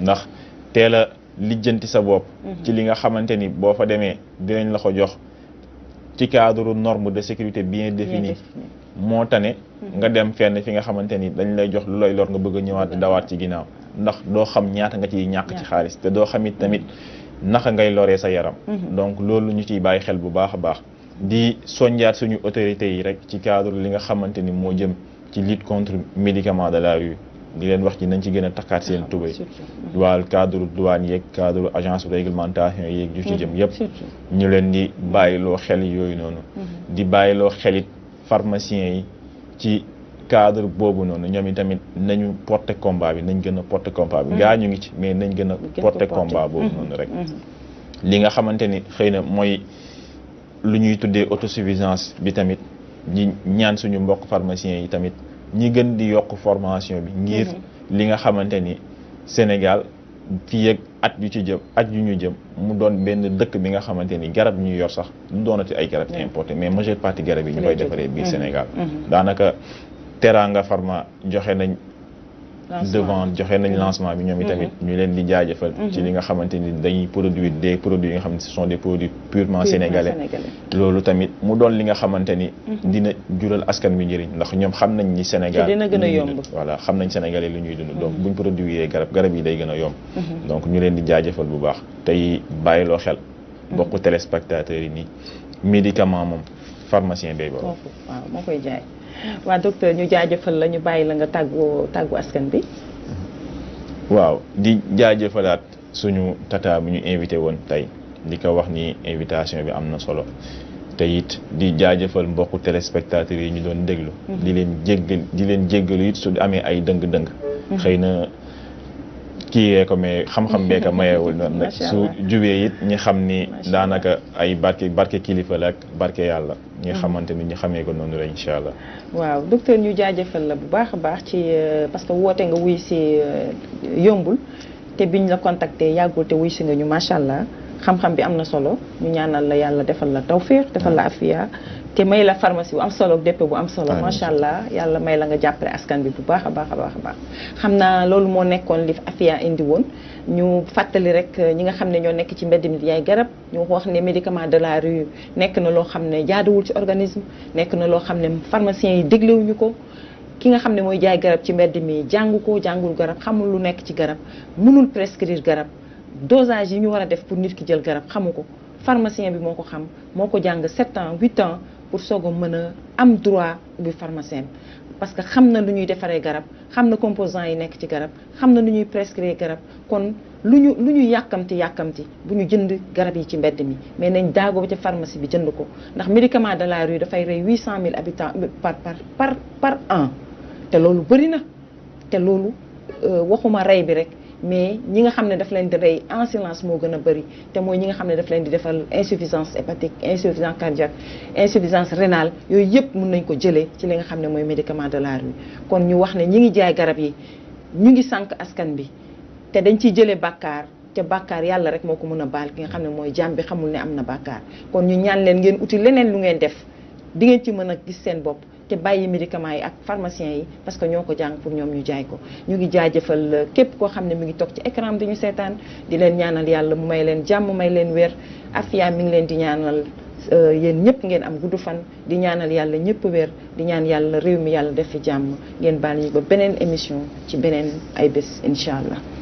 ndax teel a lijjanti sa bopp mhm. ci li nga xamante ni boo fa demee dinañ la ko jox ci cadre norme de sécurité bien définie moo ne mhm. nga dem fenn fi nga xamante ni dañ lay jox lu lay lor nga bëgg ñëwaat dawaat ci ginnaaw ndax doo xam ñaata nga ciy ñàkk ci xaalis te doo xamit tamit naka ngay loree sa yaram mm-hmm. donc loolu ñu ciy bàyyi xel bu baax a baax di soñjaat suñu autorités yi rek ci cadre li nga xamante ni moo jëm ci lutte contre médicament de la rue di leen wax ci nañ ci gën a takkaat seen ah, tubéy mm-hmm. waal cadre duwaan yeeg cadre agence réglementation yeeg yu ci mm-hmm. jëm yëpp ñu leen di bàyyiloo xel yooyu noonu di bàyyiloo xelit pharmacien yi ci cadre boobu noonu ñoom tamit nañu porter combat bi nañ gën a porter combat bi. Mm-hmm. gaa ñu ngi ci mais nañ gën a. porter combat boobu mm-hmm. noonu rek. Mm-hmm. li nga xamante ni xëy na mooy lu ñuy tuddee autosuffisance bi tamit ñi ñaan suñu mbokk pharmaciens yi tamit ñi gën di yokk formation bi. ngir li nga xamante ni Sénégal fii ak at yu ci jëm at yu ñu jëm mu doon benn dëkk bi nga xamante ni garab ñuy yor sax du doonati ay garab importé mais majeure partie garab yi ñu koy defaree bii Sénégal daanaka. Teranga Pharma joxe nañ devant joxe nañ mm-hmm. lancement bi ñoom itamit mm-hmm. ñu leen di jaajëfal mm-hmm. ci li nga xamante ni dañuy produire des produits yi nga xam ne ce sont des produits purement sénégalais loolu tamit mu doon li nga xamante ni dina jural askan bi njëriñ ndax ñoom xam nañ ni Sénégal dina gën a yomb xam nañ sénégalais lu ñuy dund donc buñ produire garab garab yi day gën a yomb donc ñu leen di jaajëfal bu baax tey bàyyiloo xel bokk téléspectateurs yi nii médicament moom pharmacien bay baro waa docteur ñu jaajëfal la ñu bàyyi la nga tàggu tàggu askan bi. waaw di jaajëfalaat suñu tataa bu ñu invité woon tey di ko wax ni invitation bi am na solo te it di jaajëfal mbokku téléspectateurs yi ñu doon déglu. Mm-hmm. di leen jéggal di leen jéggalu it su amee ay dëng-dëng. Mm-hmm. xëy na kiiwee ko mais xam-xam bee ko mayewul noonu nag su jubee it ñi xam ni daanaka ay barke barke kilifa la ak barke yàlla ñi mm. xamante ni ñu xamee ko noonu la incha allah. waaw docteur ñu jaajëfal la bu baax a baax ci euh, parce que woote nga wuy si euh, yombul te biñ la contacter yàggul te wuy si nga ñu macha allah xam-xam bi am na solo ñu ñaanal la yàlla defal la tawféex defal la mm. afiya te may la pharmacie bu am solo dépp bu am solo macha allah yàlla may la nga jàppale askan bi bu baax a baax a baax a baax xam naa loolu moo nekkoon li Afia indi woon ñu fàttali rek euh, ñi nga xam ne ñoo nekk ci mbedd mi di jaay garab ñu wax ne médicament de la rue nekk na loo xam ne jaadawul ci organisme nekk na loo xam ne pharmaciens yi déglewuñu ko ki nga xam ne mooy jaay garab ci mbedd mi jàngu ko jàngul garab xamul lu nekk ci garab mënul prescrire garab dosage yi ñu war a def pour nit ki jël garab xamu ko pharmacien bi moo ko xam moo ko jàng 7 ans 8 pour soog mën a am droit bi pharmacien parce que xam na lu ñuy defaree garab xam na composants yi nekk ci garab xam na lu ñuy prescrire garab kon lu ñu lu ñu yàkkamti yàkkamti bu ñu jënd garab yi ci mbedd mi mais nañ daagoo ci pharmacie bi jënd ko ndax médicament de la rue dafay rey 800000 habitants euh, par par par par an te loolu bëri na te loolu euh, waxuma rey bi rek. mais ñi nga xam ne daf leen di rey en moo gën a bëri te mooy ñi nga xam ne daf leen di defal insuffisance hépatique insuffisance cardiaque insuffisance rénale yooyu yëpp mun nañ ko jëlee ci li nga xam ne mooy médicament de la kon ñu wax ne ñi ngi jaay garab yi ñu ngi sànq askan bi te dañ ciy jëlee bàkkaar te bàkkaar yàlla rek moo ko mën a baal ki nga xam ne mooy jaam bi xamul ne am na bàkkaar kon ñu ñaan leen ngeen uti leneen lu ngeen def di ci mën a gis bopp te bàyyi médicament yi ak pharmaciens yi parce que ñoo ko jàng pour ñoom ñu jaay ko ñu ngi jaajëfal euh, képp koo xam ne mi ngi toog ci écran bi ñu seetaan di leen ñaanal yàlla mu may leen jàmm may leen wér Afia mi ngi leen di ñaanal euh, yéen ñëpp ngeen am gudd fan di ñaanal yàlla ñëpp wér di ñaan yàlla réew mi yàlla def fi jàmm ngeen baal ñu ba beneen émission ci beneen ay bés incha allah